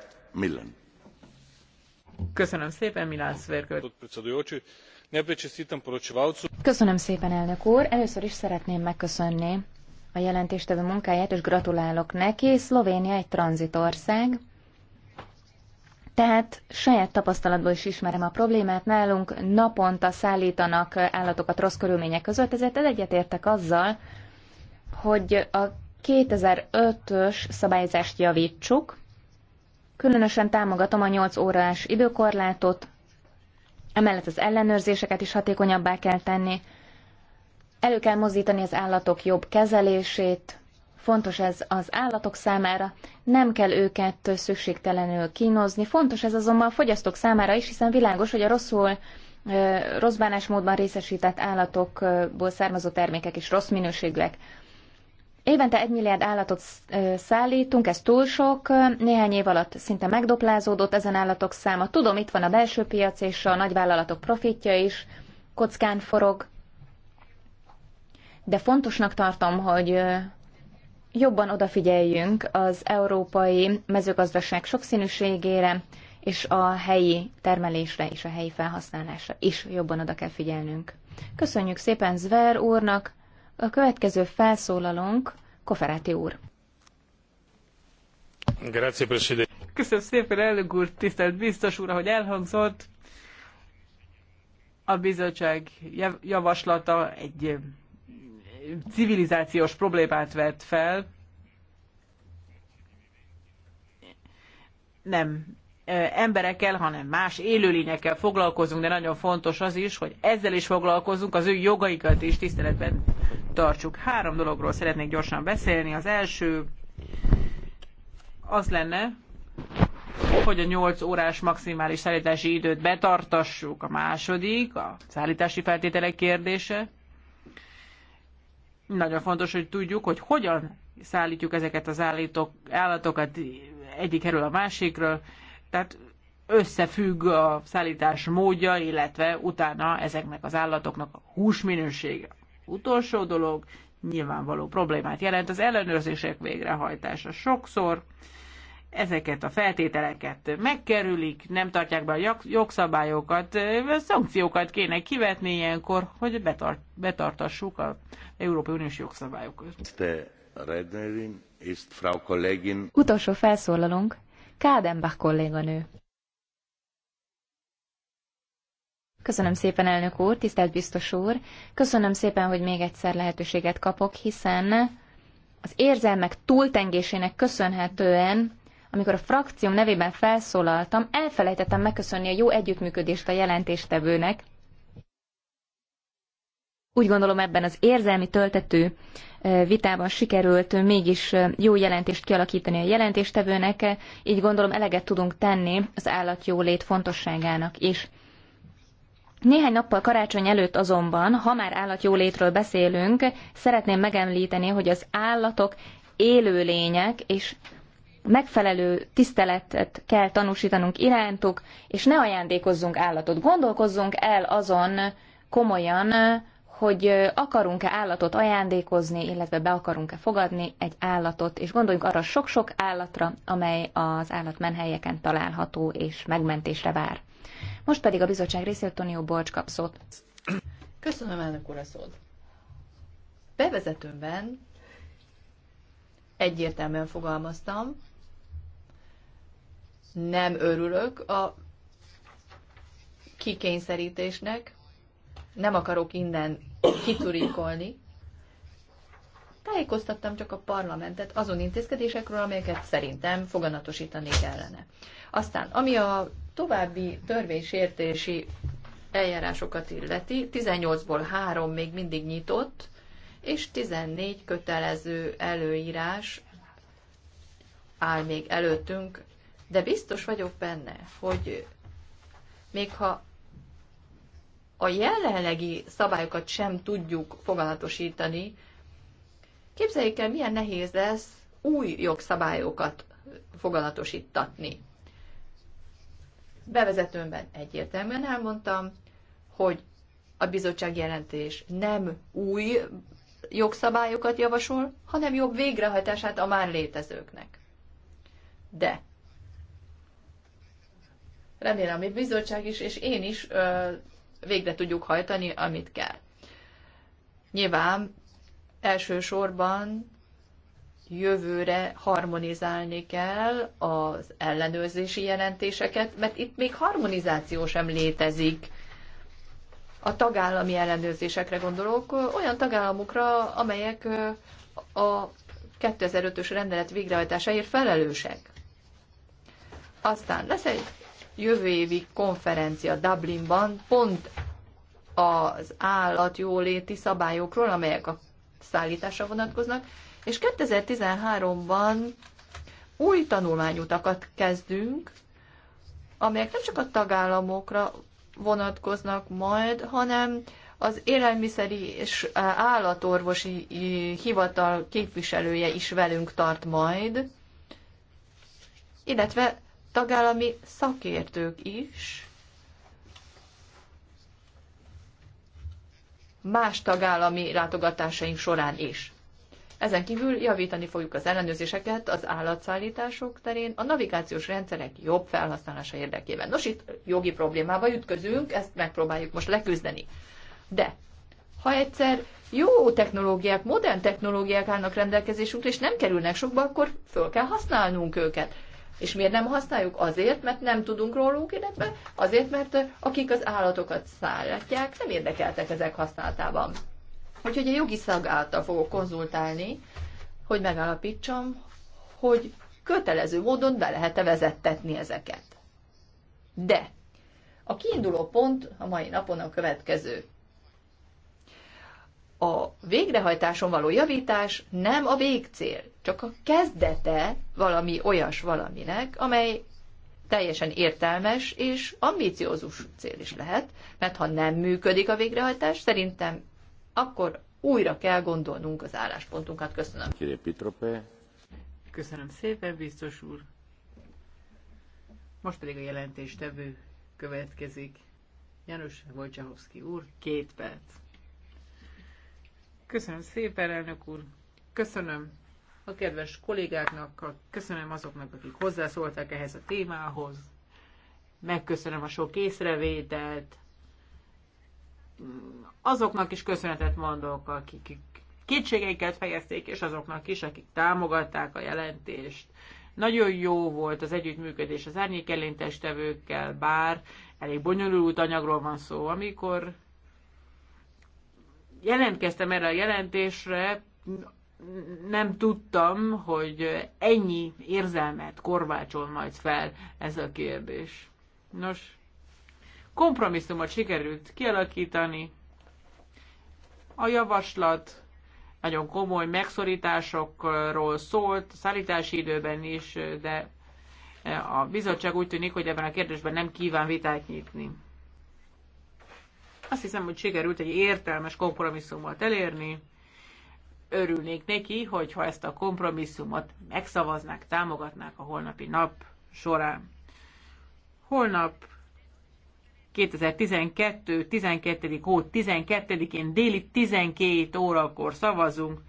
[SPEAKER 4] Köszönöm szépen, Milán Szvérkő.
[SPEAKER 1] Köszönöm szépen, elnök úr. Először is szeretném megköszönni a jelentéstevő munkáját, és gratulálok neki. Szlovénia egy tranzitország, tehát saját tapasztalatból is ismerem a problémát. Nálunk naponta szállítanak állatokat rossz körülmények között, ezért egyetértek azzal, hogy a 2005-ös szabályzást javítsuk, különösen támogatom a 8 órás időkorlátot, emellett az ellenőrzéseket is hatékonyabbá kell tenni, elő kell mozdítani az állatok jobb kezelését, fontos ez az állatok számára, nem kell őket szükségtelenül kínozni, fontos ez azonban a fogyasztók számára is, hiszen világos, hogy a rosszul rossz bánásmódban részesített állatokból származó termékek is rossz minőségűek. Évente egy milliárd állatot szállítunk, ez túl sok, néhány év alatt szinte megduplázódott ezen állatok száma. Tudom, itt van a belső piac és a nagyvállalatok profitja is, kockán forog, de fontosnak tartom, hogy jobban odafigyeljünk az európai mezőgazdaság sokszínűségére, és a helyi termelésre és a helyi felhasználásra is jobban oda kell figyelnünk. Köszönjük szépen Zver úrnak, a következő felszólalónk Koferáti úr.
[SPEAKER 4] Köszönöm szépen, elnök úr, tisztelt biztos úr, hogy elhangzott. A bizottság javaslata egy eh, civilizációs problémát vett fel. Nem eh, emberekkel, hanem más élőlényekkel foglalkozunk, de nagyon fontos az is, hogy ezzel is foglalkozunk, az ő jogaikat is tiszteletben tartsuk. Három dologról szeretnék gyorsan beszélni. Az első az lenne, hogy a 8 órás maximális szállítási időt betartassuk. A második, a szállítási feltételek kérdése. Nagyon fontos, hogy tudjuk, hogy hogyan szállítjuk ezeket az állítok, állatokat egyik erről a másikról. Tehát összefügg a szállítás módja, illetve utána ezeknek az állatoknak a minősége. Utolsó dolog, nyilvánvaló problémát jelent az ellenőrzések végrehajtása. Sokszor ezeket a feltételeket megkerülik, nem tartják be a jogszabályokat, szankciókat kéne kivetni ilyenkor, hogy betart, betartassuk az Európai Uniós jogszabályokat.
[SPEAKER 1] Utolsó felszólalónk, Kádenbach kolléganő. Köszönöm szépen, elnök úr, tisztelt biztos úr. Köszönöm szépen, hogy még egyszer lehetőséget kapok, hiszen az érzelmek túltengésének köszönhetően, amikor a frakcióm nevében felszólaltam, elfelejtettem megköszönni a jó együttműködést a jelentéstevőnek. Úgy gondolom ebben az érzelmi töltető e, vitában sikerült mégis e, jó jelentést kialakítani a jelentéstevőnek, e, így gondolom eleget tudunk tenni az állatjólét fontosságának is. Néhány nappal karácsony előtt azonban, ha már állatjólétről beszélünk, szeretném megemlíteni, hogy az állatok élőlények, és megfelelő tiszteletet kell tanúsítanunk irántuk, és ne ajándékozzunk állatot. Gondolkozzunk el azon komolyan, hogy akarunk-e állatot ajándékozni, illetve be akarunk-e fogadni egy állatot, és gondoljunk arra sok-sok állatra, amely az állatmenhelyeken található és megmentésre vár. Most pedig a bizottság részéről Tonio Borcs kap szót.
[SPEAKER 2] Köszönöm, elnök úr, a szót. Bevezetőmben egyértelműen fogalmaztam, nem örülök a kikényszerítésnek, nem akarok innen kiturikolni. Tájékoztattam csak a parlamentet azon intézkedésekről, amelyeket szerintem foganatosítani kellene. Aztán, ami a további törvénysértési eljárásokat illeti, 18-ból 3 még mindig nyitott, és 14 kötelező előírás áll még előttünk, de biztos vagyok benne, hogy még ha a jelenlegi szabályokat sem tudjuk foganatosítani, képzeljék el, milyen nehéz lesz új jogszabályokat foganatosítatni. Bevezetőmben egyértelműen elmondtam, hogy a bizottság jelentés nem új jogszabályokat javasol, hanem jobb végrehajtását a már létezőknek. De remélem, hogy bizottság is, és én is ö, végre tudjuk hajtani, amit kell. Nyilván elsősorban jövőre harmonizálni kell az ellenőrzési jelentéseket, mert itt még harmonizáció sem létezik. A tagállami ellenőrzésekre gondolok, olyan tagállamokra, amelyek a 2005-ös rendelet végrehajtásáért felelősek. Aztán lesz egy jövő évi konferencia Dublinban, pont az állatjóléti szabályokról, amelyek a szállításra vonatkoznak, és 2013-ban új tanulmányutakat kezdünk, amelyek nem csak a tagállamokra vonatkoznak majd, hanem az élelmiszeri és állatorvosi hivatal képviselője is velünk tart majd, illetve tagállami szakértők is, más tagállami látogatásaink során is. Ezen kívül javítani fogjuk az ellenőrzéseket az állatszállítások terén a navigációs rendszerek jobb felhasználása érdekében. Nos, itt jogi problémába ütközünk, ezt megpróbáljuk most leküzdeni. De ha egyszer jó technológiák, modern technológiák állnak rendelkezésünkre, és nem kerülnek sokba, akkor föl kell használnunk őket. És miért nem használjuk? Azért, mert nem tudunk róluk, illetve azért, mert akik az állatokat szállítják, nem érdekeltek ezek használatában. Úgyhogy a jogi szag által fogok konzultálni, hogy megállapítsam, hogy kötelező módon be lehet-e vezettetni ezeket. De a kiinduló pont a mai napon a következő. A végrehajtáson való javítás nem a végcél, csak a kezdete valami olyas valaminek, amely teljesen értelmes és ambiciózus cél is lehet, mert ha nem működik a végrehajtás, szerintem akkor újra kell gondolnunk az álláspontunkat. Köszönöm. Köszönöm szépen, biztos úr. Most pedig a jelentéstevő
[SPEAKER 4] következik. János Wojciechowski úr, két perc. Köszönöm szépen, elnök úr. Köszönöm a kedves kollégáknak, köszönöm azoknak, akik hozzászóltak ehhez a témához. Megköszönöm a sok észrevételt, azoknak is köszönetet mondok, akik kétségeiket fejezték, és azoknak is, akik támogatták a jelentést. Nagyon jó volt az együttműködés az árnyékeléntestevőkkel, bár elég bonyolult anyagról van szó. Amikor jelentkeztem erre a jelentésre, nem tudtam, hogy ennyi érzelmet korvácsol majd fel ez a kérdés. Nos, kompromisszumot sikerült kialakítani. A javaslat nagyon komoly megszorításokról szólt, szállítási időben is, de a bizottság úgy tűnik, hogy ebben a kérdésben nem kíván vitát nyitni. Azt hiszem, hogy sikerült egy értelmes kompromisszumot elérni. Örülnék neki, hogyha ezt a kompromisszumot megszavaznák, támogatnák a holnapi nap során. Holnap 2012. 12. hó 12-én déli 12 órakor szavazunk.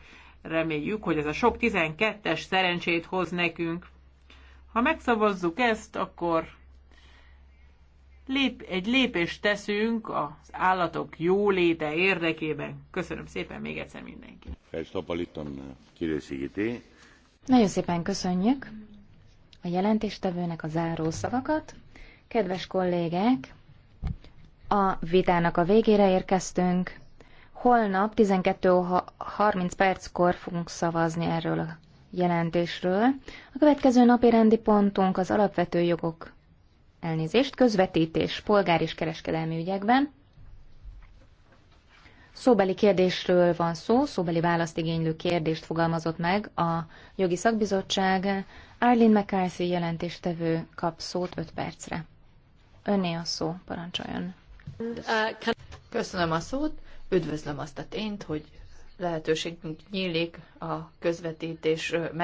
[SPEAKER 4] Reméljük, hogy ez a sok 12-es szerencsét hoz nekünk. Ha megszavazzuk ezt, akkor lép, egy lépést teszünk az állatok jóléte érdekében. Köszönöm szépen még egyszer mindenkinek.
[SPEAKER 1] Nagyon szépen köszönjük a jelentéstevőnek a záró szavakat. Kedves kollégák, a vitának a végére érkeztünk. Holnap 12.30 perckor fogunk szavazni erről a jelentésről. A következő napi rendi pontunk az alapvető jogok elnézést, közvetítés polgár és kereskedelmi ügyekben. Szóbeli kérdésről van szó, szóbeli választ igénylő kérdést fogalmazott meg a jogi szakbizottság. Arlene McCarthy jelentéstevő kap szót 5 percre. Önné a szó, parancsoljon.
[SPEAKER 2] Uh, Köszönöm a szót, üdvözlöm azt a tényt, hogy lehetőségünk nyílik a közvetítés meg